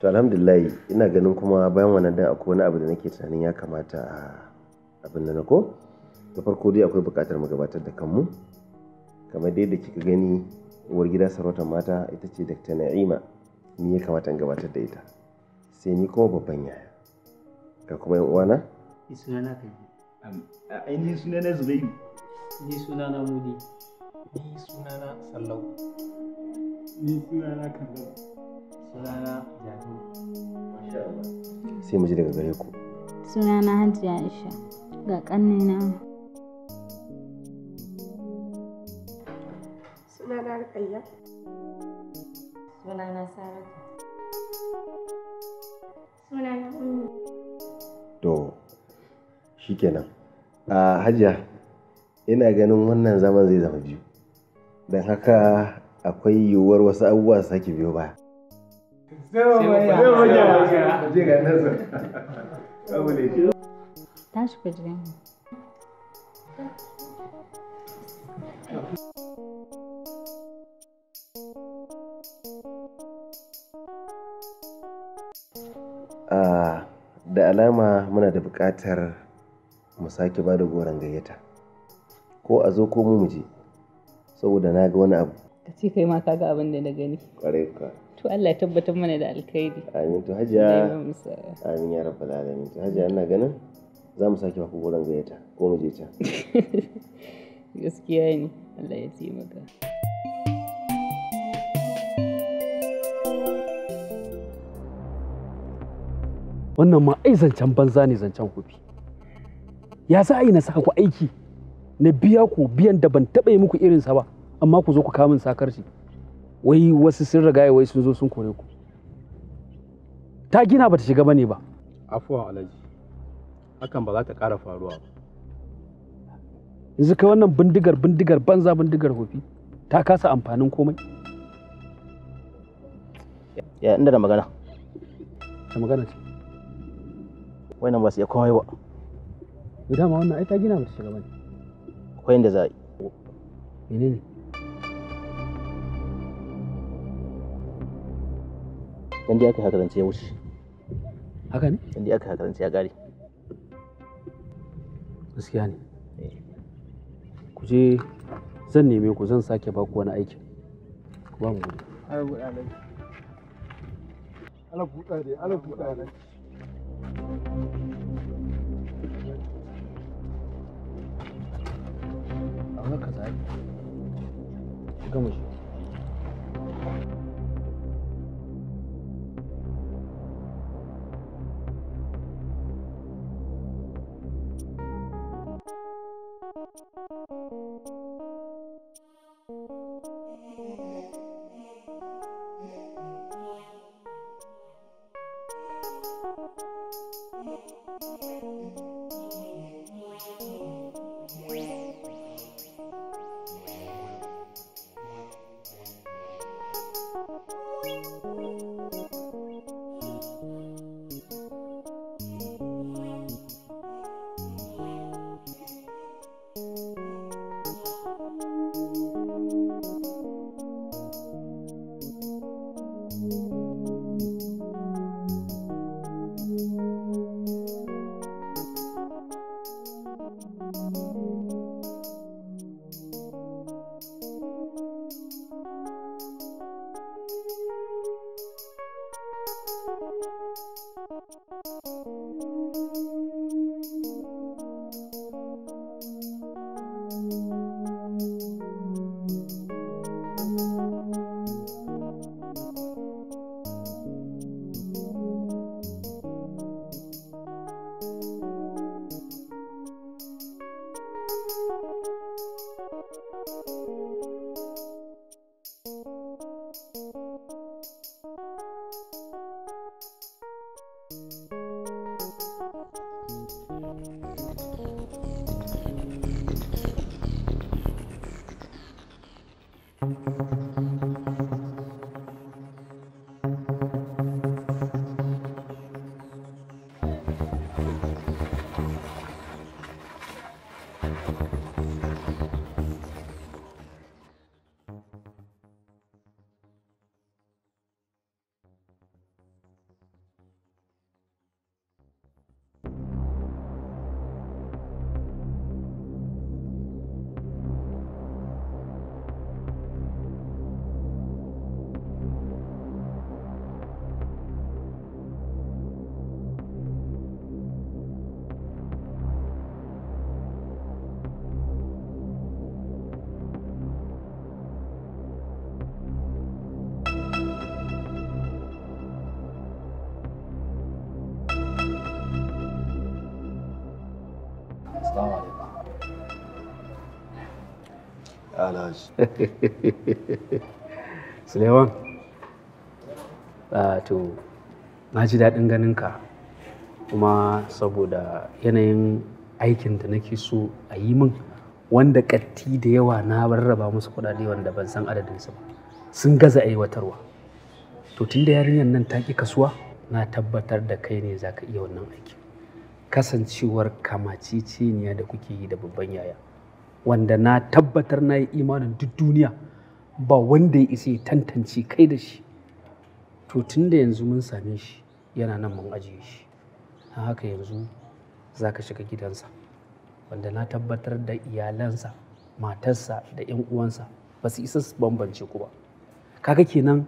To alhamdulillah ina ganin kuma bayan wannan dan akwai wani abu da nake tunanin ya kamata a abin ko? ta farko dai akwai buƙatar mu gabatar da kanmu kamar dai da kika gani uwar gida sarautar mata ita ce dr na'ima ni ya kamata in gabatar da ita sai ni kuma babban yaya ga kuma yan uwana ni sunana kan a ainihin sunana zubairu ni sunana mudi ni sunana sallau ni sunana kallau sunana jami'u masha Allah sai mu ji daga gare ku sunana hajiya aisha ga ƙannina suna rukayya a hajiya ina ganin wannan zaman zai zama biyu don haka akwai yiwuwar wasu abubuwa su sake biyo baya alama muna da buƙatar mu sake ba da goron gayyata ko a zo ko mu je saboda na ga wani abu ka ce kai ma ka ga abin da na gani ƙwarai ka to Allah ya tabbatar mana da alkhairi amin to hajiya amin ya rabbal alamin to hajiya ina ganin za mu sake baku goron gayyata ko mu je can gaskiya ne Allah ya taimaka wannan ma ai zancen banza ne zancen kofi ya za a yi na saka ku aiki na biya ku biyan da ban taɓa yi muku irinsa ba amma ku zo ku kamun shi wai wasu sun riga wai sun zo sun kore ku ta gina bata shiga bane ba afuwan alhaji hakan ba za ta ƙara faruwa ba yanzu kai wannan bindigar bindigar banza bindigar hofi ta kasa amfanin komai ya inda da magana da magana ce wannan ba su iya komai ba to dama wannan ai ta gina mata shiga bane akwai inda za a yi menene dan dai aka hakarance ya wuce haka ne dan dai aka hakarance ya gare. gaskiya ne eh. ku je zan neme ku zan sake baku wani aikin ba mu gudu ala buɗa dai ala buɗa dai Vamos casar. Ficamos juntos. alhaji suleiman ah, to na ji daɗin ka kuma saboda yanayin aikin da nake so a yi min wanda ƙatti da yawa na rarraba musu kuɗaɗe wanda ban san adadinsu ba sun gaza aiwatarwa to tun da yarinyar nan ta ƙi kasuwa na tabbatar da kai ne za ka iya wannan aiki kasancewar kamaciciniya da kuke yi da babban yaya wanda na tabbatar na yi imanin duk duniya ba wanda ya isa tantance kai da shi to tun da yanzu mun same shi yana nan mun ajiye shi na haka yanzu za ka shiga gidansa wanda na tabbatar da iyalansa matarsa da 'yan uwansa ba su isa su bambance ku ba kaga kenan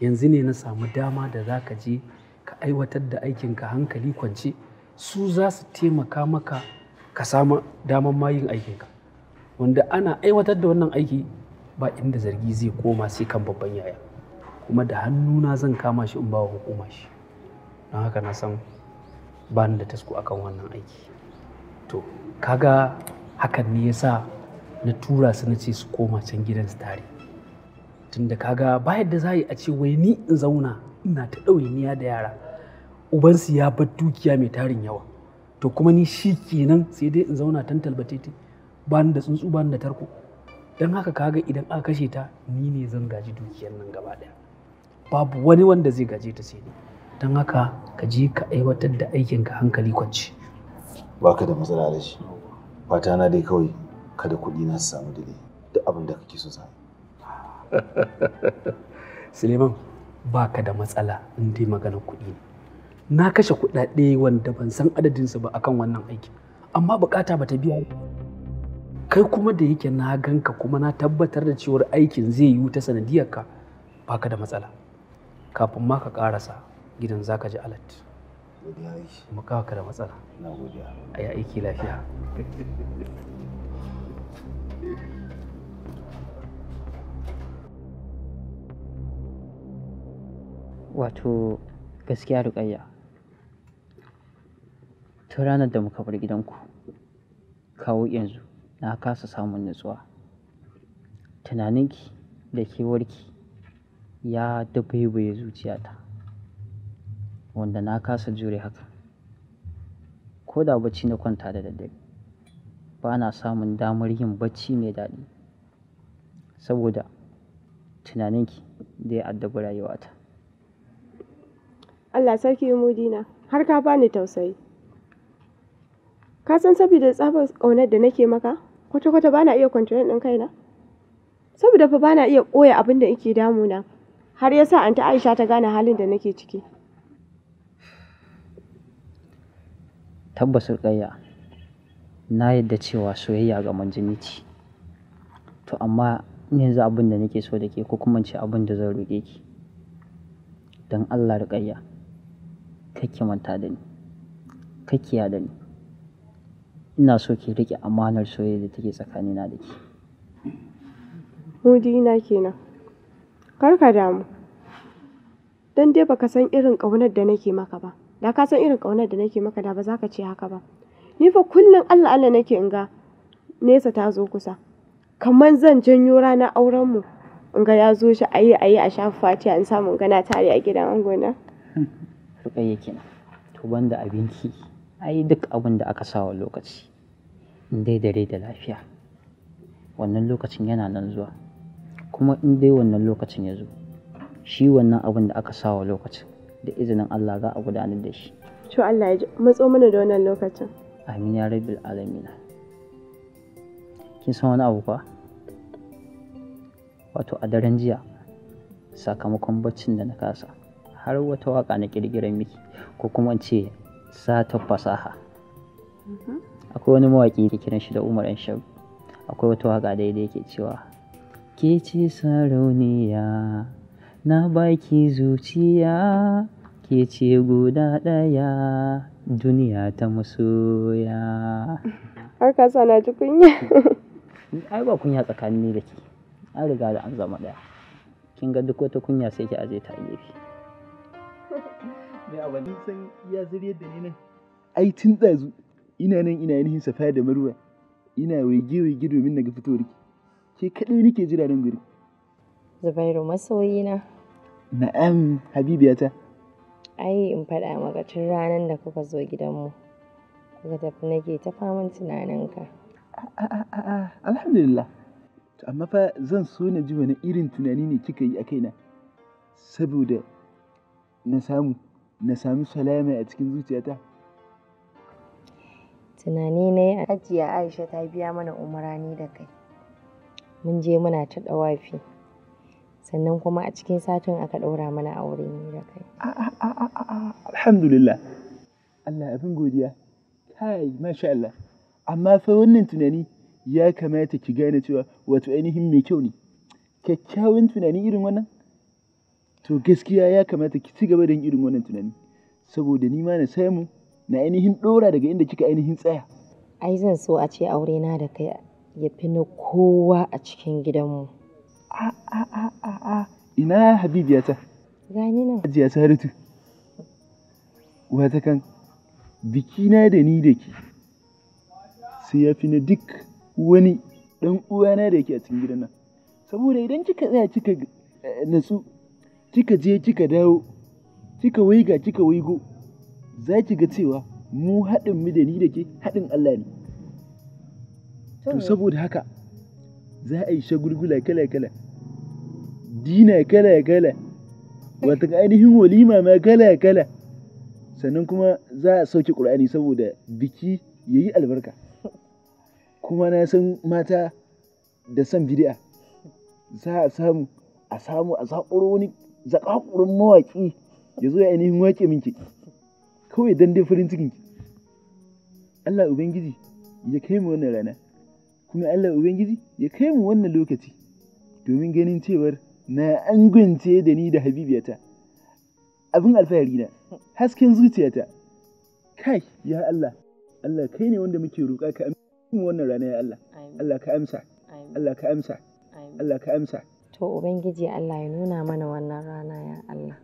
yanzu ne na samu dama da za ka je ka aiwatar da aikinka hankali kwance su za su taimaka maka ka samu damar mayin aikinka wanda ana aiwatar da wannan aiki ba inda zargi zai koma sai kan babban yaya kuma da hannuna zan kama shi in ba wa hukuma shi don haka na san ba da tasko akan wannan aiki to kaga hakan ne yasa na tura su na ce su koma can gidan su tare tunda kaga ba yadda za a ce wai ni in zauna ina ta niya da yara ubansu ya bar dukiya mai tarin yawa to kuma ni shi kenan sai dai in zauna tan talbatete bani da tsuntsu bani da tarko don haka kaga idan aka kashe ta ni ne zan gaji dukiyar nan gaba ɗaya babu wani wanda zai gaje ta sai ni don haka ka je ka aiwatar da aikinka hankali kwance baka da matsala da shi fata na dai kawai kada kuɗi na samu dai duk abin da kake so sa Suleiman baka da matsala in dai maganar kuɗi na kashe kuɗaɗe wanda ban san adadinsu ba akan wannan aikin amma bukata bata biya kai kuma da yake na ganka kuma na tabbatar da cewar aikin zai yiwu ta sanadiyar ka ka da matsala kafin ma ka karasa gidan za ka ji alat ka da matsala a yi aiki lafiya wato gaskiya rukayya ta ranar da muka bar gidanku kawo yanzu na kasa samun natsuwa. Tunaninki da kewarki ya dabaibaye zuciyata wanda na kasa jure haka. Ko da bacci na kwanta da daddare, ba na samun damar yin bacci mai daɗi saboda tunaninki da ya addabi rayuwata. Allah sarki Mudina har ka bani tausayi. Ka san sabida tsabar ƙaunar da nake maka? kwata-kwata ba na iya control ɗin kaina. Saboda fa ba na iya ɓoye abin da yake damuna, har yasa sa Anta Aisha ta gane halin da nake ciki. tabbasar Ruqayya, na yadda cewa soyayya ga manjini ce. To amma yanzu abin da nake so da ke ko kuma ce abin da zan roƙe ki. Don Allah da kar kake manta da ni, kake yada ni. ina so ki riƙe amanar soyayya da take tsakanina da ke. Mudina kenan. Kar ka damu. don dai baka san irin ƙaunar da nake maka ba. Da ka san irin ƙaunar da nake maka da ba za ka ce haka ba. Ni fa kullum Allah Allah nake in ga nesa ta zo kusa. Kamar zan janyo ranar aurenmu In ga ya zo shi ayi ayi a shafi fatiya in samun gana tare a gidan angona. Rukayya kenan. To banda abinki. ai duk abin da aka sawa lokaci in dai da rai da lafiya wannan lokacin yana nan zuwa kuma in dai wannan lokacin ya zo shi wannan abin da aka sawa lokacin da izinin Allah za a gudanar da shi to Allah ya matso mana da wannan lokacin amin ya rabbil alamin kin san wani abu ba wato a daren jiya sakamakon baccin da na kasa har wata waka na kirkirar miki ko kuma ce sata fasaha mm-hmm. akwai wani mawaƙi da kiran shi da umar yan shagu akwai wata waƙa daidai ke cewa ke ce sarauniya na baki zuciya ke ce guda ɗaya duniya ta masoya har ka sana ji kunya ai ba kunya tsakanin da ke an riga da an zama ɗaya kin ga duk wata kunya sai ki aje ta gefe ne a wani san ya zariyar da ni nan ai tun ɗazu ina nan ina yin safa da marwa ina waige waige domin na ga fitowar ki ke kaɗai nake jira nan guri zubairu masoyina na'am habibiyata ai in faɗa maka tun ranar da kuka zo gidanmu kuka tafi nake ta faman tunaninka alhamdulillah to amma fa zan so na ji wani irin tunani ne kika yi a kaina saboda na samu na sami salama a cikin zuciyata tunani na yi ajiya aisha ta biya mana umarani da kai mun je muna ta ɗawafi sannan kuma a cikin satin aka ɗaura mana aure ni da kai alhamdulillah Allah abin godiya kai masha Allah amma fa wannan tunani ya kamata ki gane cewa wato ainihin mai kyau ne kyakkyawan tunani irin wannan To gaskiya ya kamata ki ci gaba da yin irin wannan tunani saboda ni ma na samu na ainihin ɗora daga inda kika ainihin tsaya. Ai zan so a ce na da kai ya fi na kowa a cikin gidanmu. A a a a a ina ta Gani nan. Hajiya Saratu. Wata kan na da ni da ke sai ya fi na duk wani ɗan uwana da ke a cikin gidan nan. Saboda idan kika tsaya kika eh, natsu kika je kika dawo kika waiga kika waigo za ki ga cewa mu haɗin mu da ni da ke haɗin Allah ne to saboda haka za a yi shagulgula kala kala dina kala kala wata ainihin walima ma kala kala sannan kuma za a sauke ƙur'ani saboda biki ya yi albarka kuma na san mata da san bidi'a za a samu a samu a saƙuro wani zakakurin mawaƙi ya zo ya ainihin waƙe minki kawai dan dai farin cikinki Allah ubangiji ya kai mu wannan rana kuma Allah ubangiji ya kai mu wannan lokaci domin ganin cewar na angwance da ni da habibiyata abin alfahari na hasken zuciyata kai ya Allah Allah kai ne wanda muke roƙa ka amsa wannan rana ya Allah Allah ka amsa Allah ka amsa Allah ka amsa To Ubangiji Allah ya nuna mana wannan rana ya Allah.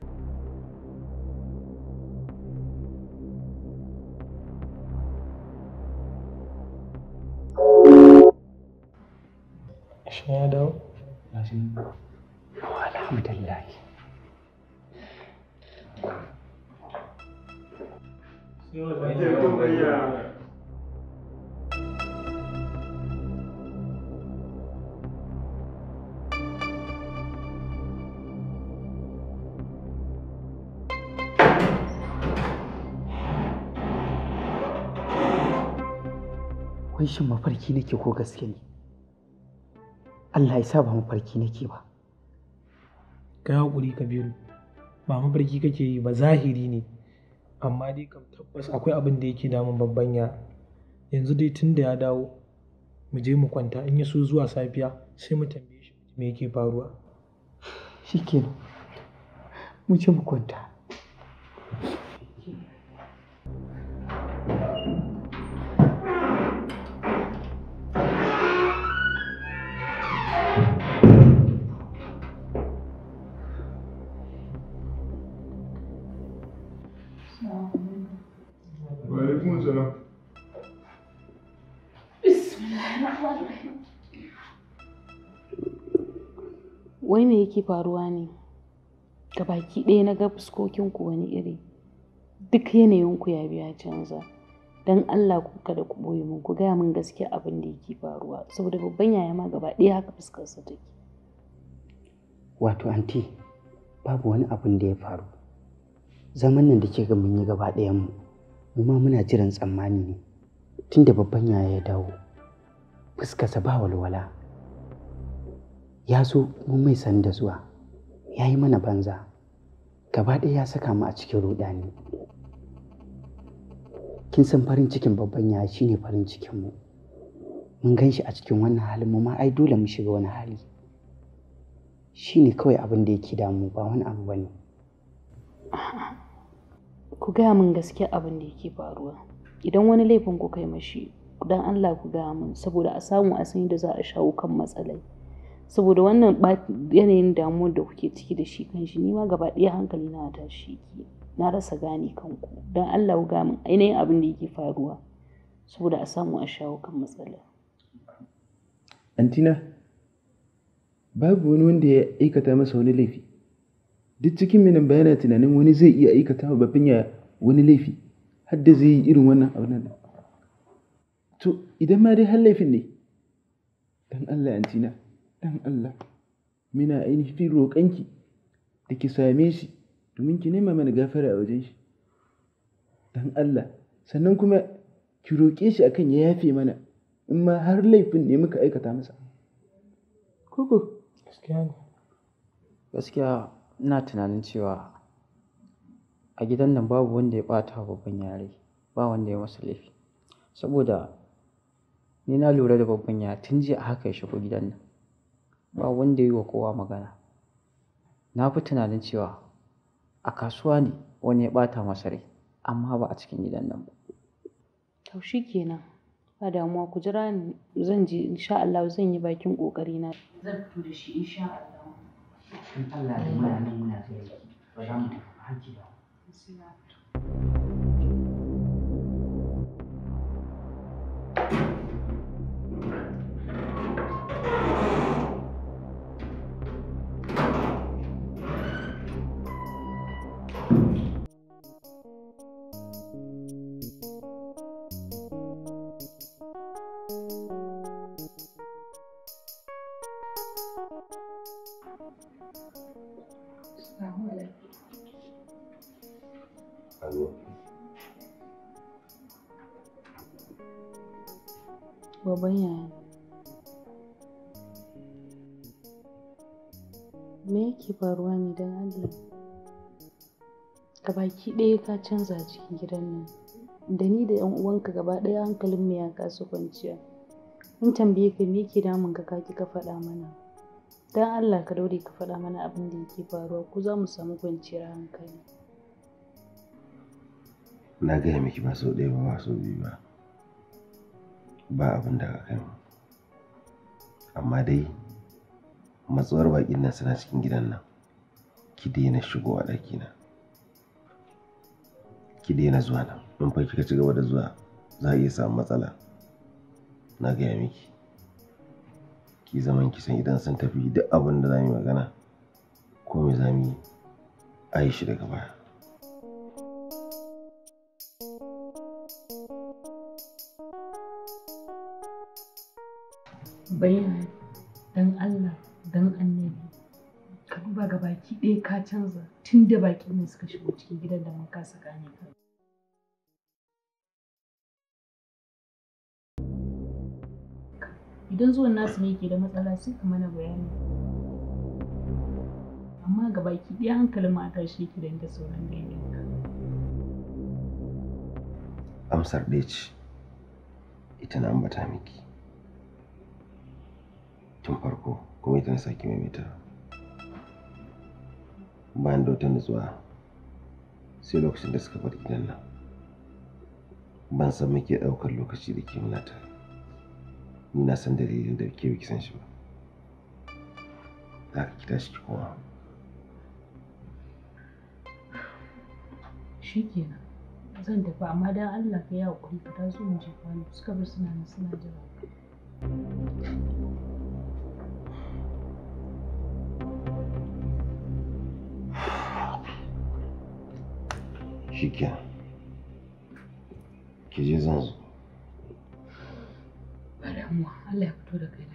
Shin ya Alhamdulillah. Sai wai shin mafarki nake ko gaske ne Allah ya sa ba mafarki nake ba ka hakuri kabiru ba mafarki kake yi ba zahiri ne amma dai kam tabbas akwai abin da yake damun babban ya yanzu dai tun da ya dawo mu je mu kwanta in ya so zuwa safiya sai mu tambaye shi me yake faruwa shikenan mu je mu kwanta wai me yake faruwa ne gabaki ɗaya na ga fuskokinku wani iri duk yanayinku ku ya biya canza don Allah ku kada ku ɓoye min ku gaya mun gaskiya abin da yake faruwa saboda babban yaya ma gaba ɗaya haka fuskarsa take wato anti babu wani abin da ya faru zaman nan da kika mun yi gaba ɗayan mu mu ma muna jiran tsammani ne tunda babban yaya ya dawo fuskarsa ba walwala ya zo mun mai san da zuwa ya yi mana banza gaba ɗaya ya saka mu a cikin rudani kin san farin cikin babban ya shi ne farin cikinmu mun gan shi a cikin wannan halin mu ma ai dole mu shiga wani hali shi ne kawai abin da yake damu ba wani abu ba ne ku gaya min gaskiya abin da yake faruwa idan wani laifin ku kai mashi dan Allah ku gaya min saboda a samu a da za a shawo kan matsalai saboda wannan yanayin damuwar da kuke ciki da shi kan shi ni ma gaba ɗaya hankali na tashi na rasa gane kanku don Allah ku ga ainihin abin da yake faruwa saboda a samu a shawo kan matsala. antina babu wani wanda ya aikata masa wani laifi duk cikin minan bayana tunanin wani zai iya aikata wa babban ya wani laifi har da zai yi irin wannan abin nan to idan ma dai har laifin ne dan Allah antina dan Allah muna ainihin roƙonki da ki same shi domin ki nema mana gafara a wajen shi dan Allah sannan kuma ki roƙe shi akan ya yafe mana in ma har laifin ne muka aikata masa koko gaskiya ne gaskiya ina tunanin cewa a gidan nan babu wanda ya ɓata babban yare ba wanda ya masa laifi saboda ni na lura da babban yare tun jiya a haka ya shigo gidan nan ba wanda ya yi wa kowa magana. Na fi tunanin cewa a kasuwa ne wani ya ɓata masa rai amma ba a cikin gidan nan ba. To shi ba damuwa ku jira ni zan je in sha Allahu zan yi bakin ƙoƙari na. Zan fito da shi in Allah ya mana nan muna ta ba za mu tafi Ka baki ɗaya ka canza cikin gidan nan da ni da yan uwanka gaba ɗaya hankalin mu ya kasu kwanciya mun tambaye ka me yake damun ka kaki ka faɗa mana dan Allah ka daure ka faɗa mana abin da yake faruwa ko za mu samu kwanciyar hankali na gaya miki ba sau ɗaya ba ba sau biyu ba ba abin da ka kai amma dai matsuwar baƙin nan suna cikin gidan nan ki daina shigowa ɗakina ki daina zuwa nan in fa kika ci gaba da zuwa za a iya samu matsala na gaya miki ki zaman ki san idan sun tafi duk abin da zamu mu magana ko me za mu yi a shi daga baya bayan dan Allah dan annabi duba ga baki ɗaya ka canza tun da baki ne suka shigo cikin gidan da mun kasa gane ka. Idan zuwan nasu ne ke da matsala sai ka mana bayani. Amma ga baki ɗaya hankalin ma ta shi yake da inda sauran ka. Amsar ɗaya ce, ita na ambata miki. Tun farko kuma ita na sake maimaita. bayan da wata nutsuwa sai lokacin da suka bar gidan nan ban san muke ɗaukar lokaci da ke muna ni na san dalilin da ke biki san shi ba za ka ki shi ki shi kenan zan tafi amma dan allah ka yi hakuri ka taso mu je kwano suka bar suna nan suna jira shikenan ki je zan zo ba damuwa Allah fito da kai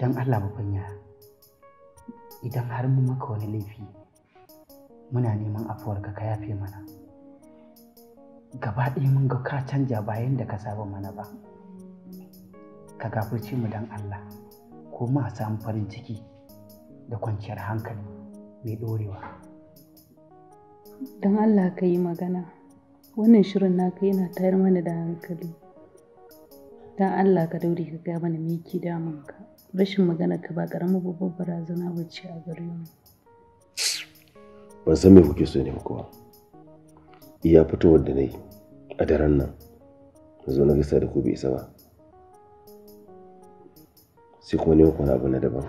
don Allah bafanya idan har mu maka wani laifi muna neman afuwar ka yafe mana gaba ɗaya mun ga ka canja bayan da ka saba mana ba ka gafarci mu don Allah ko ma samu farin ciki da kwanciyar hankali mai ɗorewa don Allah ka yi magana wannan shirin naka yana tayar mana da hankali don Allah ka daure ka ga mana me yake rashin magana ka ba karamin babbar barazana wacce a gare mu ban san me kuke so ne kuwa iya fitowar da nayi a daren nan zo na gisa da ku bai isa ba sai kuma neman kwana abu na daban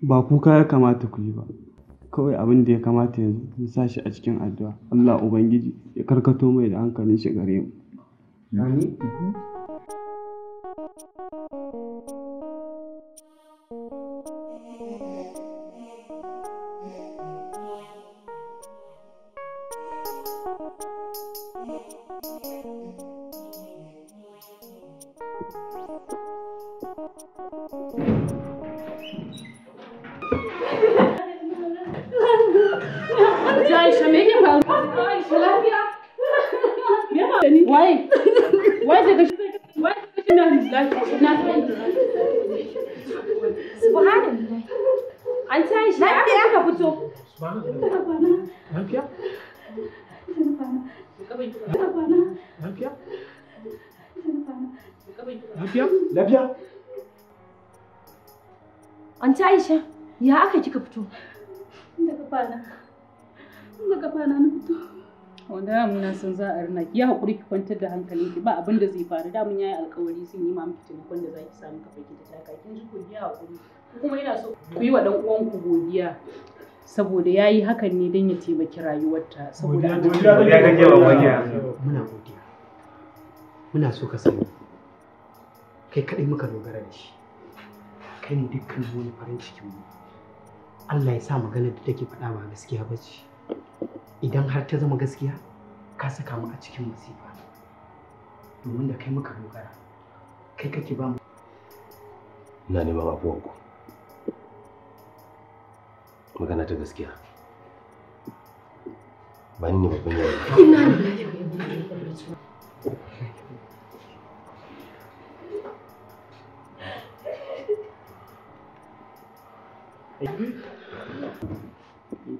Ba kuka ya kamata ku yi ba, kawai abin da ya kamata yanzu mu sa shi a cikin addu'a. Allah Ubangiji ya karkato mai da hankalin shi gare kwantar da hankali ki ba abin da zai faru da mun yayi alƙawari sun yi miki taimakon da zaki samu ka ki ta taka kin ji ku biya hakuri kuma ina so ku yi wa dan uwan ku godiya saboda yayi hakan ne dan ya taimaki rayuwarta saboda godiya godiya kake wa godiya muna godiya muna so ka sani kai kadai muka dogara da shi kai ne dukkan wani farin cikin mu Allah ya sa maganar da take faɗa ba gaskiya ba ce idan har ta zama gaskiya ka saka mu a cikin masifa domin da kai muka dogara kai kake ba mu ina neman afuwan ku magana ta gaskiya ba ni ne babban yaro ina ne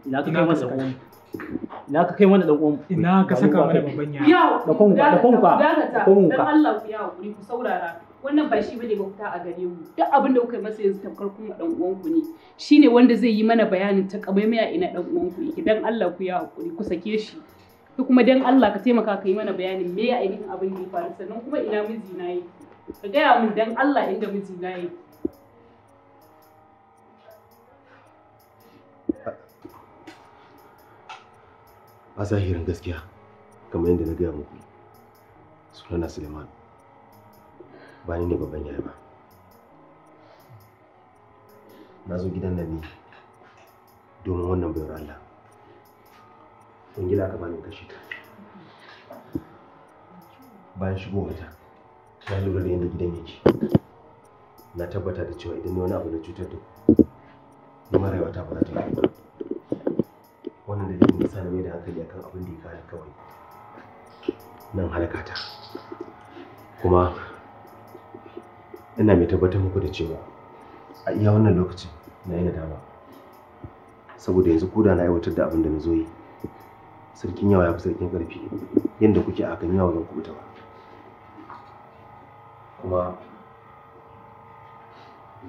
Ina ka kama sa komai. ina ka kai wani dan uwan ina ka saka mana babban yaro yau da kun da kun ka da kun don Allah ku yawo ku saurara wannan ba shi bane mafita a gare mu duk abin da kuka yi masa yanzu tamkar kuma dan uwan ku ne ne wanda zai yi mana bayanin ta kamaimaya ina dan uwan ku yake dan Allah ku ya hakuri ku sake shi Ki kuma dan Allah ka taimaka ka yi mana bayanin me ya ainihin abin da ya faru sannan kuma ina miji na yi ka gaya min dan Allah inda miji na yi a zahirin gaskiya kamar yadda na gaya muku sunana suleiman ba ni ne babban yaya ba na zo gidan nan ne domin wannan bayar Allah ƙungila ka bani kashe ta bayan wata na lura da yadda gidan yake na tabbata da cewa idan ne wani abu da cutar da ni mara yawa ta ba za ta wannan dalilin sa na mai da hankali akan abin da ya kawo kawai nan halaka ta kuma ina mai tabbatar muku da cewa a iya wannan lokacin na yi nadama saboda yanzu da na aiwatar da abin da na zo yi sarkin yawa ya fi sarkin karfi yadda kuke a kan yawa zan kubuta ba kuma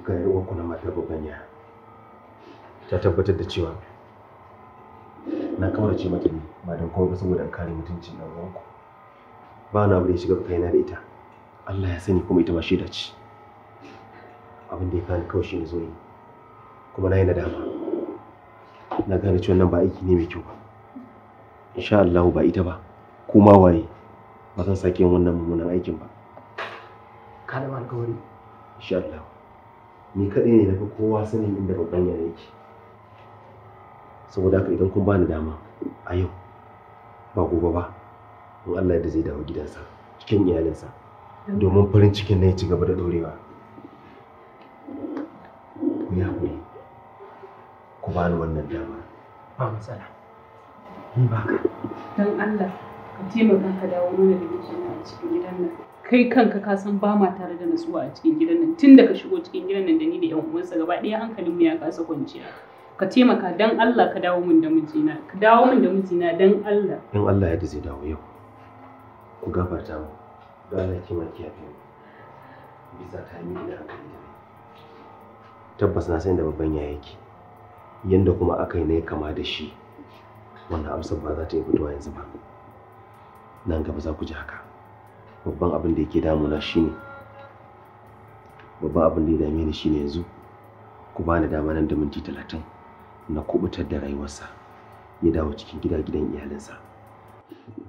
ga uwanku na matar babban ta tabbatar da cewa na kaurace mata ne ba don kuma ba saboda an kare mutuncin dan uwanku ba na abu ya shiga kaina da ita Allah ya sani kuma ita ba shaida ce abin da ya kani kawai ne zo yi kuma na yi nadama na gane cewa nan ba aiki ne mai kyau ba insha Allah ba ita ba kuma waye ba zan sake yin wannan mummunan aikin ba ka da alƙawari insha Allah ni kaɗai ne na fi kowa sanin inda babban yana yake saboda haka idan kun bani dama a yau ba gobe ba in Allah da zai dawo gidansa cikin iyalinsa domin farin cikin na ya ci gaba da dorewa ku yi haƙuri ku bani wannan dama ba matsala in ba ka don Allah ka taimaka ka dawo nuna da mijina a cikin gidan nan kai kanka ka san ba ma tare da natsuwa a cikin gidan nan tun da ka shigo cikin gidan nan da ni da yan uwansa gaba ɗaya hankalin mu ya kasa kwanciya ka taimaka dan Allah ka dawo min da mijina ka dawo min da mijina dan Allah in Allah ya da zai dawo yau ku gafarta mu don Allah ki maki ya biyu bisa ta yi da hankali da tabbas na san da babban ya yake yanda kuma aka yi ne kama da shi wannan amsa ba za ta yi fitowa yanzu ba nan gaba za ku ji haka babban abin da yake damuna shine babban abin da ya dame ni shine yanzu ku bani dama nan da minti talatin na kubutar da rayuwarsa ya dawo cikin gida gidan iyalinsa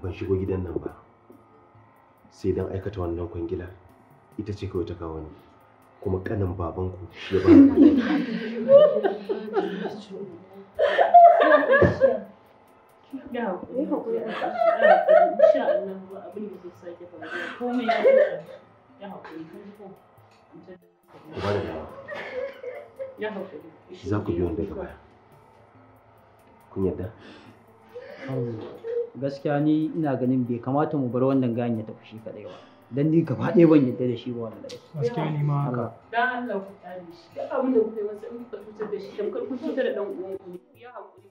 ban shigo gidan nan ba sai don aikata wannan kwangila ita ce kawai ta kawo ni kuma kanin babanku ya ba Ya haƙuri. Za ku biyo daga baya. kun yarda gaskiya ni ina ganin bai kamata mu bar wannan gayan ya tafi shi kadai ba dan ni gaba ɗaya ban yadda da shi ba wallahi gaskiya ni ma haka dan Allah ku tare shi duk abin da kuke yi masa in kuka cutar da shi tamkar ku cutar da dan uwan ku ya hakuri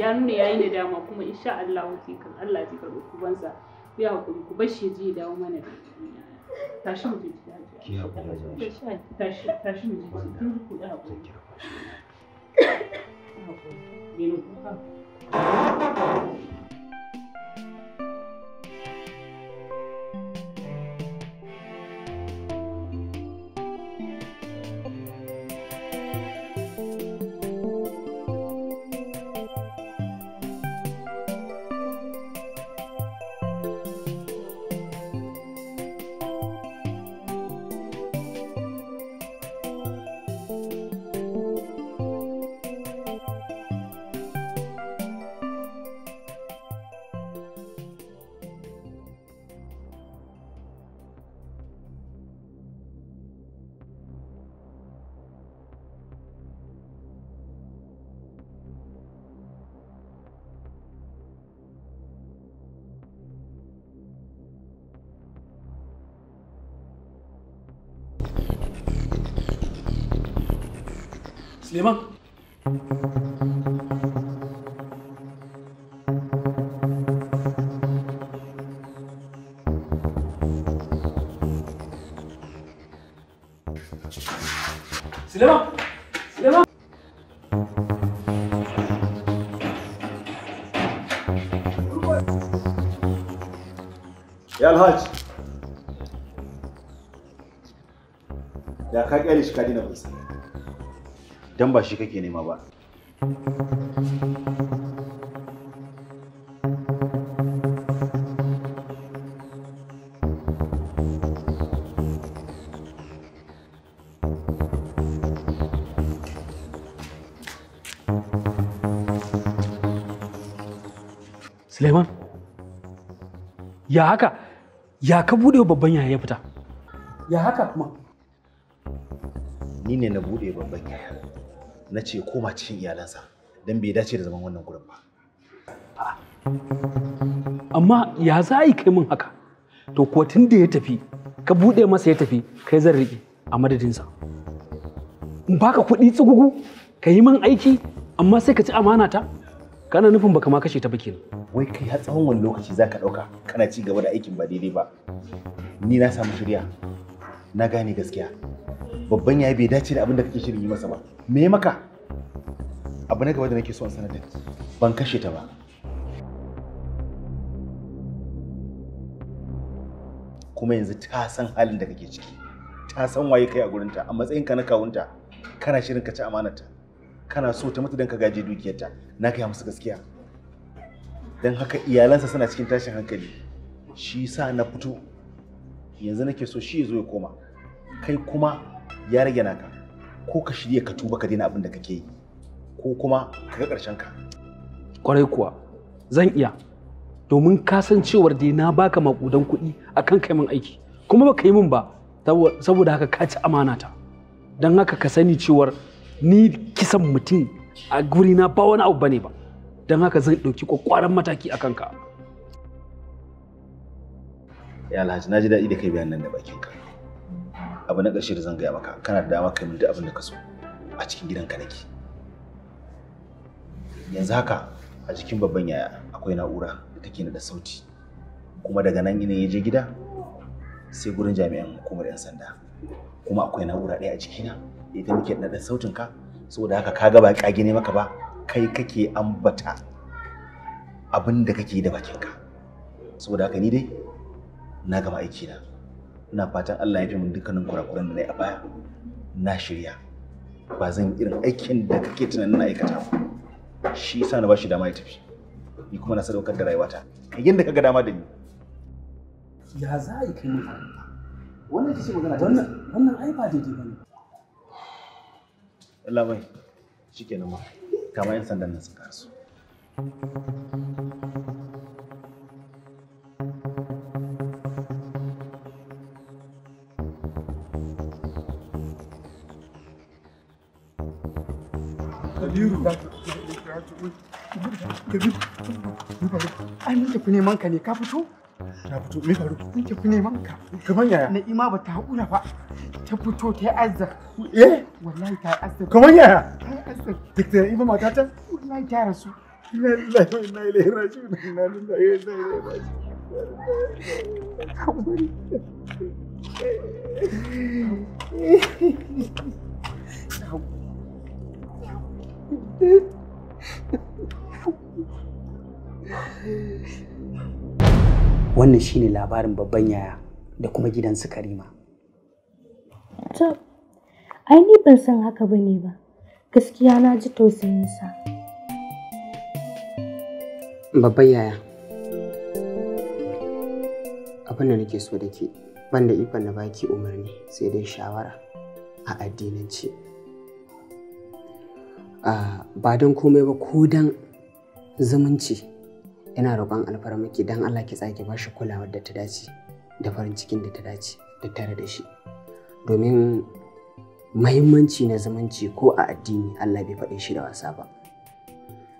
ya nuna yayi da dama kuma insha Allah sai kan Allah ya zai ku banza ku ya hakuri ku bar shi ji dawo mana da tashi mu je ki tashi tashi mu je ki hakuri Mira. Süleyman. Süleyman. Süleyman. Gel haç. Ya kalk el iş kadine bulsana. don ba shi kake nema ba Suleiman, ya haka, ya ka buɗe babban yaya ya fita? Ya haka kuma? Ni ne na buɗe babban yaya. na ce koma cikin iyalansa don bai dace da zaman wannan gurin ba amma ya za a yi kai min haka to ko tun da ya tafi ka buɗe masa ya tafi kai zan riƙe a madadinsa in baka kuɗi tsugugu ka yi min aiki amma sai ka ci amana ta kana nufin baka ma kashe ta ba kenan wai kai har tsawon wani lokaci za ka ɗauka kana ci gaba da aikin ba daidai ba ni na samu shirya na gane gaskiya babban yayi bai dace da abin da kake shirin yi masa ba me maka abu na gaba da nake so in sanar da ban kashe ta ba kuma yanzu ta san halin da kake ciki ta san waye kai a gurinta a matsayinka na kawunta kana shirin ka ci amanarta kana so ta mutu don ka gaje dukiyarta na gaya musu gaskiya don haka iyalansa suna cikin tashin hankali shi sa na fito yanzu nake so shi ya zo ya koma kai kuma ya rage naka ko ka shirya ka tuba ka daina abin da kake yi ko kuma ka ga ƙarshen ka kwarai kuwa zan iya domin ka san cewar dai na baka makudan kuɗi akan kai min aiki kuma baka yi min ba saboda haka ka ci amana ta don haka ka sani cewar ni kisan mutum a guri na ba wani abu bane ba don haka zan ɗauki kwakwaran mataki a ka. ya alhaji na ji daɗi da kai bayan nan da bakinka abu na ƙarshe da zan gaya maka kana da dama kai min duk abin da ka so a cikin gidanka nake yanzu haka a jikin babban yaya akwai na'ura da take da sauti kuma daga nan ne ya je gida sai gurin jami'an hukumar 'yan sanda kuma akwai na'ura ɗaya a jikina da ita muke da sautin ka saboda haka ka gaba ba ƙage ne maka ba kai kake ambata abin da kake da bakinka saboda haka ni dai na gama na. ina fatan Allah ya min dukkanin kurakuren da na yi a baya na shirya ba zan irin aikin da kake tunanin na aikata ba shi yasa na bashi dama ya tafi ni kuma na sadaukar da rayuwata kai yadda kaga dama da ni ya za a yi kai mutane wannan kishi magana wannan wannan ai ba daidai bane Allah mai shikenan ma kama yan sandan nan suka rasu Kabiru. Ai mun tafi neman ka ne ka fito? fito me faru? Mun tafi neman ka. Kamar yaya? ba ta haƙura ba. Ta fito ta yi azzar. Eh? Wallahi ta yi azzar. Kamar yaya? Ta yi azzar. Duk da mata ta? Wallahi ta rasu. Na Na wannan shine labarin babban yaya da kuma gidansu karima to ai ni ban san haka bane ba gaskiya na ji tausayinsa babban yaya abin da nake so da ke banda ikon na baki umarni sai dai shawara a addinance. ba don komai ba ko don zumunci ina roƙon alfarmaki don Allah ki tsaki ba shi kulawar da ta dace da farin cikin da ta dace da tare da shi domin mahimmanci na zumunci ko a addini Allah bai faɗi shi da wasa ba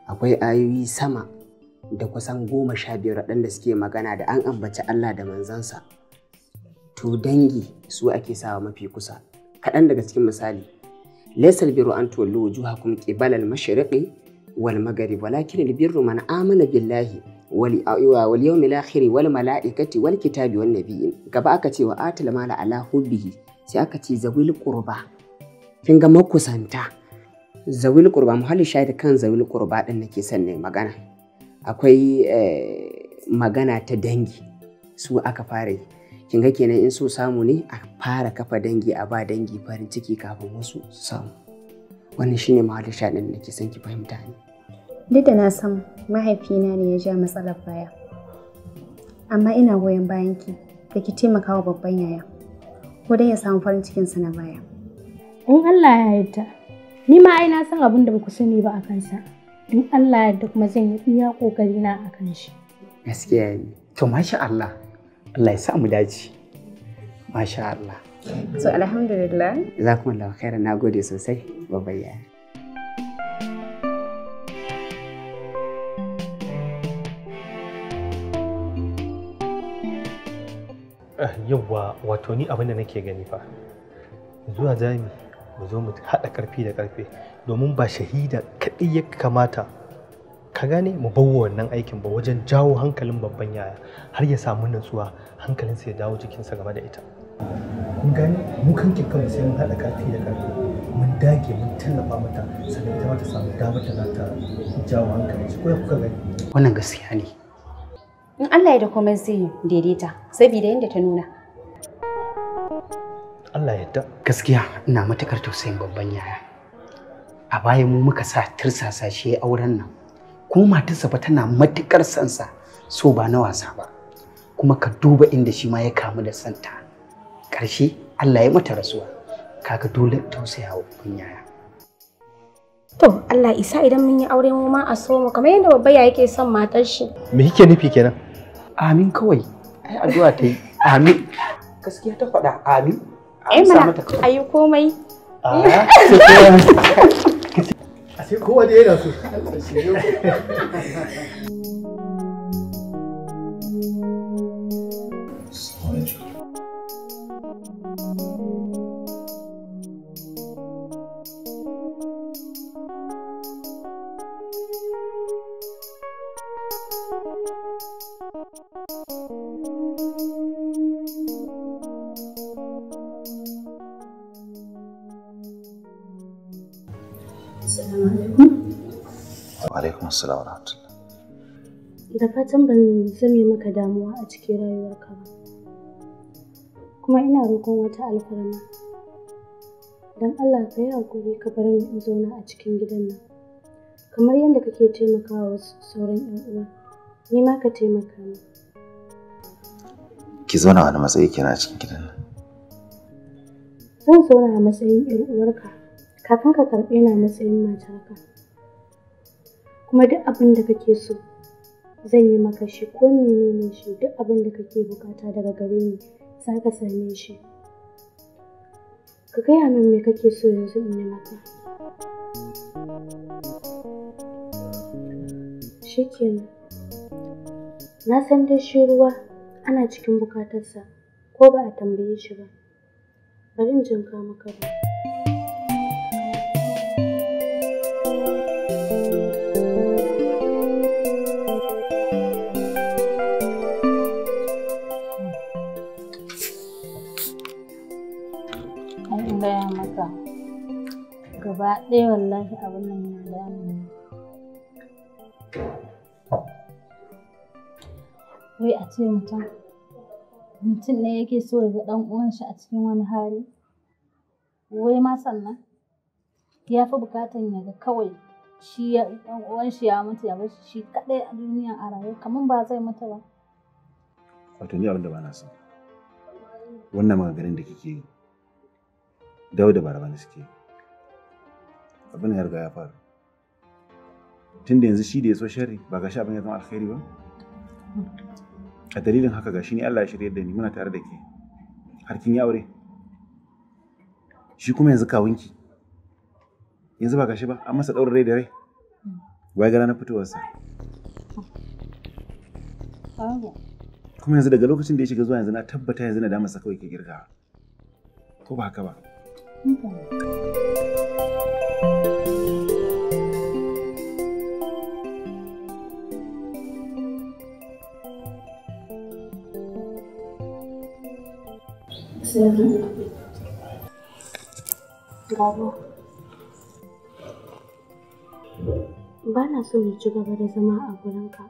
akwai ayoyi sama da kusan goma sha biyar waɗanda suke magana da an ambaci Allah da manzansa to dangi su ake sawa mafi kusa kaɗan daga cikin misali ليس البر أن تولوا وجوهكم قبل المشرق والمغرب ولكن البر من آمن بالله واليوم الآخر والملائكة والكتاب والنبيين gaba aka ce wa atil mala ala hubbihi sai aka ce zawil qurba kin ga makusanta zawil qurba muhalli shaida kan zawil qurba din nake son ne magana akwai magana ta dangi su aka fara yi kin ga kenan in so samu ne a fara kafa dangi a ba dangi farin ciki kafin wasu su samu wannan shine mahallin shaɗin da ke san ki fahimta ne duk da na san mahaifina ne ya ja matsalar baya amma ina goyon bayan ki da ki taimaka wa babban yaya ko dai ya samu farin cikinsa na baya in Allah ya yarda ni ma ai na san abin da baku sani ba a kansa in Allah ya yarda kuma zan yi iya kokarina akan shi gaskiya ne to masha Allah Allah ya sa mu masha Allah So, alhamdulillah Za jazakumullahu na nagode sosai babayya ah, yawwa wato ni abin da nake gani fa zuwa zami mu zo mu haɗa ƙarfi da ƙarfe domin ba shahida kaɗai ya kamata ka gane mu bawa wannan aikin ba wajen jawo hankalin babban yaya har ya samu natsuwa hankalinsa ya dawo jikinsa game da ita kun gane mu kan kanmu sai mun hada karfi da karfi mun dage mun tallafa mata sannan ita ta samu damar da za ta jawo hankalin shi ko ya kuka gani wannan gaskiya ne in Allah ya da komai sai daidaita saboda yadda ta nuna Allah ya yarda gaskiya ina matakar tausayin babban yaya a baya mu muka sa tirsasa shi auren nan ko matarsa ba tana matukar sansa so ba na wasa ba kuma ka duba inda shi ma ya kamu da santa ƙarshe Allah ya mata rasuwa kaga dole tausaya wa kunyaya to Allah isa idan mun yi aure mu ma a so mu kamar yadda babba ya yake son matar shi me kike nufi kenan amin kawai ai addu'a ta yi amin gaskiya ta faɗa amin ai eh, mana ayi komai ah, assim kowa da yana so. Thank you. Assalamu alaikum. Wa alaikum Da fatan ban zame maka damuwa a cikin rayuwarka ba. Kuma ina roƙon wata alfarma. Don Allah ka yi haƙuri ka bar ni in zauna a cikin gidan nan. Kamar yadda kake taimakawa wasu sauran 'yan uwa, ni ma ka taimaka ni. Ki zauna wani matsayi kina cikin gidan nan. Zan zauna a matsayin 'yar uwarka kafin ka karɓe na matsayin matarka kuma duk abin da kake so zan yi maka shi ko menene shi duk abin da kake bukata daga gare ni za ka same shi ka gaya min me kake so yanzu in yi maka shikenan na san dai shi ruwa ana cikin bukatarsa ko ba a tambaye shi ba bari in jinka maka ba ɗaya wallahi abin nan yana ne. Wai a ce mutum, mutum ne yake so ya ga ɗan shi a cikin wani hari? Wai ma sannan ya fi bukatan ya ga kawai shi ɗan shi ya mutu ya bar shi kaɗai a duniya a rayu kamar ba zai mutu ba. Wato ni abin da ba na san Wannan magagarin da kike yi, Dauda Barabana suke yi. abin ya riga ya faru tun da yanzu shi da ya so sharri ba ga shi abin ya zama alkhairi ba a dalilin haka ga shi ne Allah ya shirya da ni muna tare da ke har kin yi aure shi kuma yanzu kawunki yanzu ba ga shi ba an masa ɗaurin rai da rai wai ga na fitowarsa kuma yanzu daga lokacin da ya shiga zuwa yanzu na tabbata yanzu na damarsa kawai ke girka ko ba haka ba sirri ba na so na ci gaba da zama a gurinka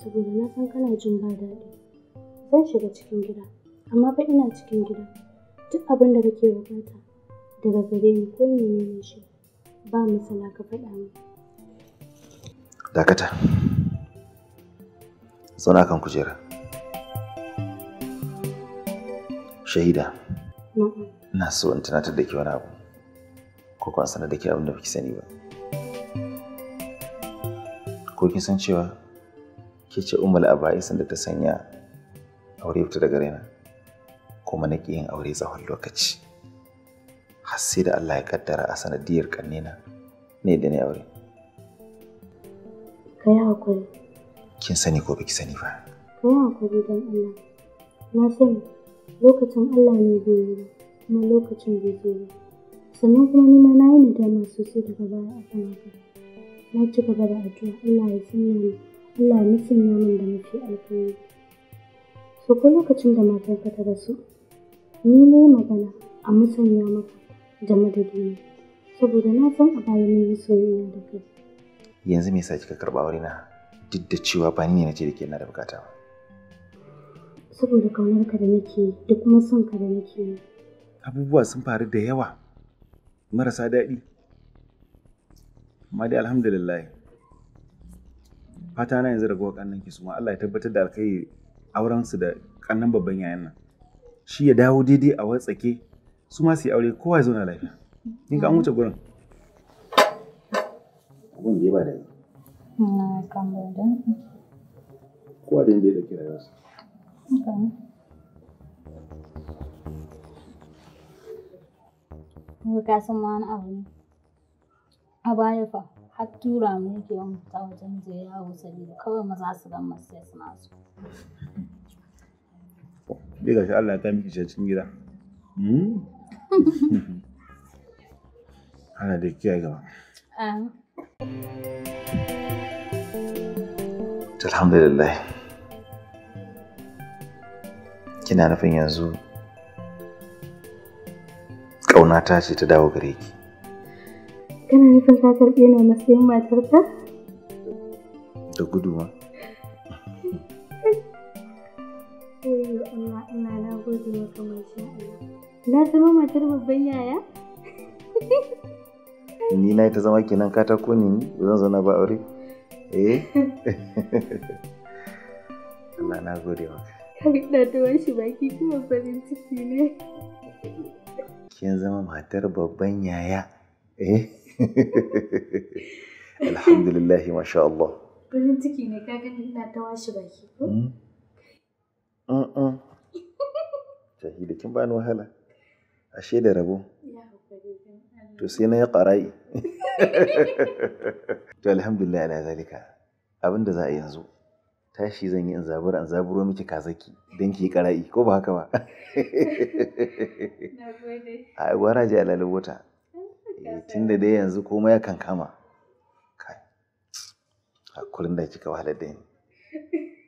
saboda na san kana jin ba daɗi. Zan shiga cikin gida, amma ba ina cikin gida. Duk abin da kake bukata daga gare ni ko ne ne shi ba matsala ka faɗa min. Dakata, suna kan kujera. Shahida. Ina so in tunatar da ke wani abu. Ko kuma sanar da ke abin da baki sani ba. Ko kin san cewa ke ce umar san da ta sanya aure fita daga raina kuma na yin aure tsawon lokaci. Har sai da Allah ya kaddara a sanadiyar kannena ne da ne aure. kai Kin sani ko baki sani ba. Allah. Na sani. lokacin Allah ne bai ba kuma lokacin bai ba sannan kuma ni na yi nadama sosai daga baya a kan haka na ci gaba da addu'a Allah ya sanya ni Allah ya musanya min da muke alƙawari. so ko lokacin da matarka ta rasu ni ne magana a musanya maka da madadina saboda na san a baya mun yi soyayya da kai yanzu me yasa kika karɓa wurina duk da cewa ba ni ne nace da ke na da bukata ba saboda ƙaunarka da nake da kuma son ka da nake abubuwa sun faru da yawa marasa daɗi amma dai alhamdulillah fata na yanzu gowa kannan ki suma Allah ya tabbatar da alkai auren su da kannan babban yayan nan shi ya dawo daidai a watsake su ma su yi aure kowa ya zauna lafiya kin ka an wuce gurin abun da ya ba da ni kowa da inda da kira yasa Kuma wani abu ne. A baya fa har tura mu yake yawan fita wajen je yawo saboda kawai maza su gan masu sai suna so. Allah ya cikin gida. Hmm? Ana da kiyaye gaba. Alhamdulillah. kina nufin yanzu ta ce ta dawo gare ki kana nufin ka karɓe na matsayin matarka da guduwa na zama matar babban yaya? Ni na ta zama kenan katako ne zan zauna ba aure? Eh? Allah na gode maka. Daduwan shi baki kuma farin ciki ne. Kin zama matar babban yaya. Eh? Alhamdulillah masha Allah. Farin ciki ne ka gani ina ta washe baki ko? Mm. Shahida kin bani wahala. Ashe da rabo. To sai na ya ƙara'i. To alhamdulillah ala zalika. Abin da za a yanzu. tashi zan yi in zabura in zaburo miki kazaki don ki yi kara'i ko ba haka ba a gwara ji alalin wata eh, tun da dai yanzu komai ya kankama kai hakurin da kika wahala da ni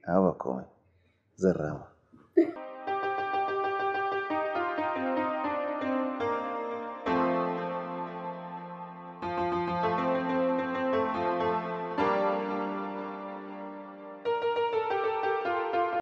ba komai zan rama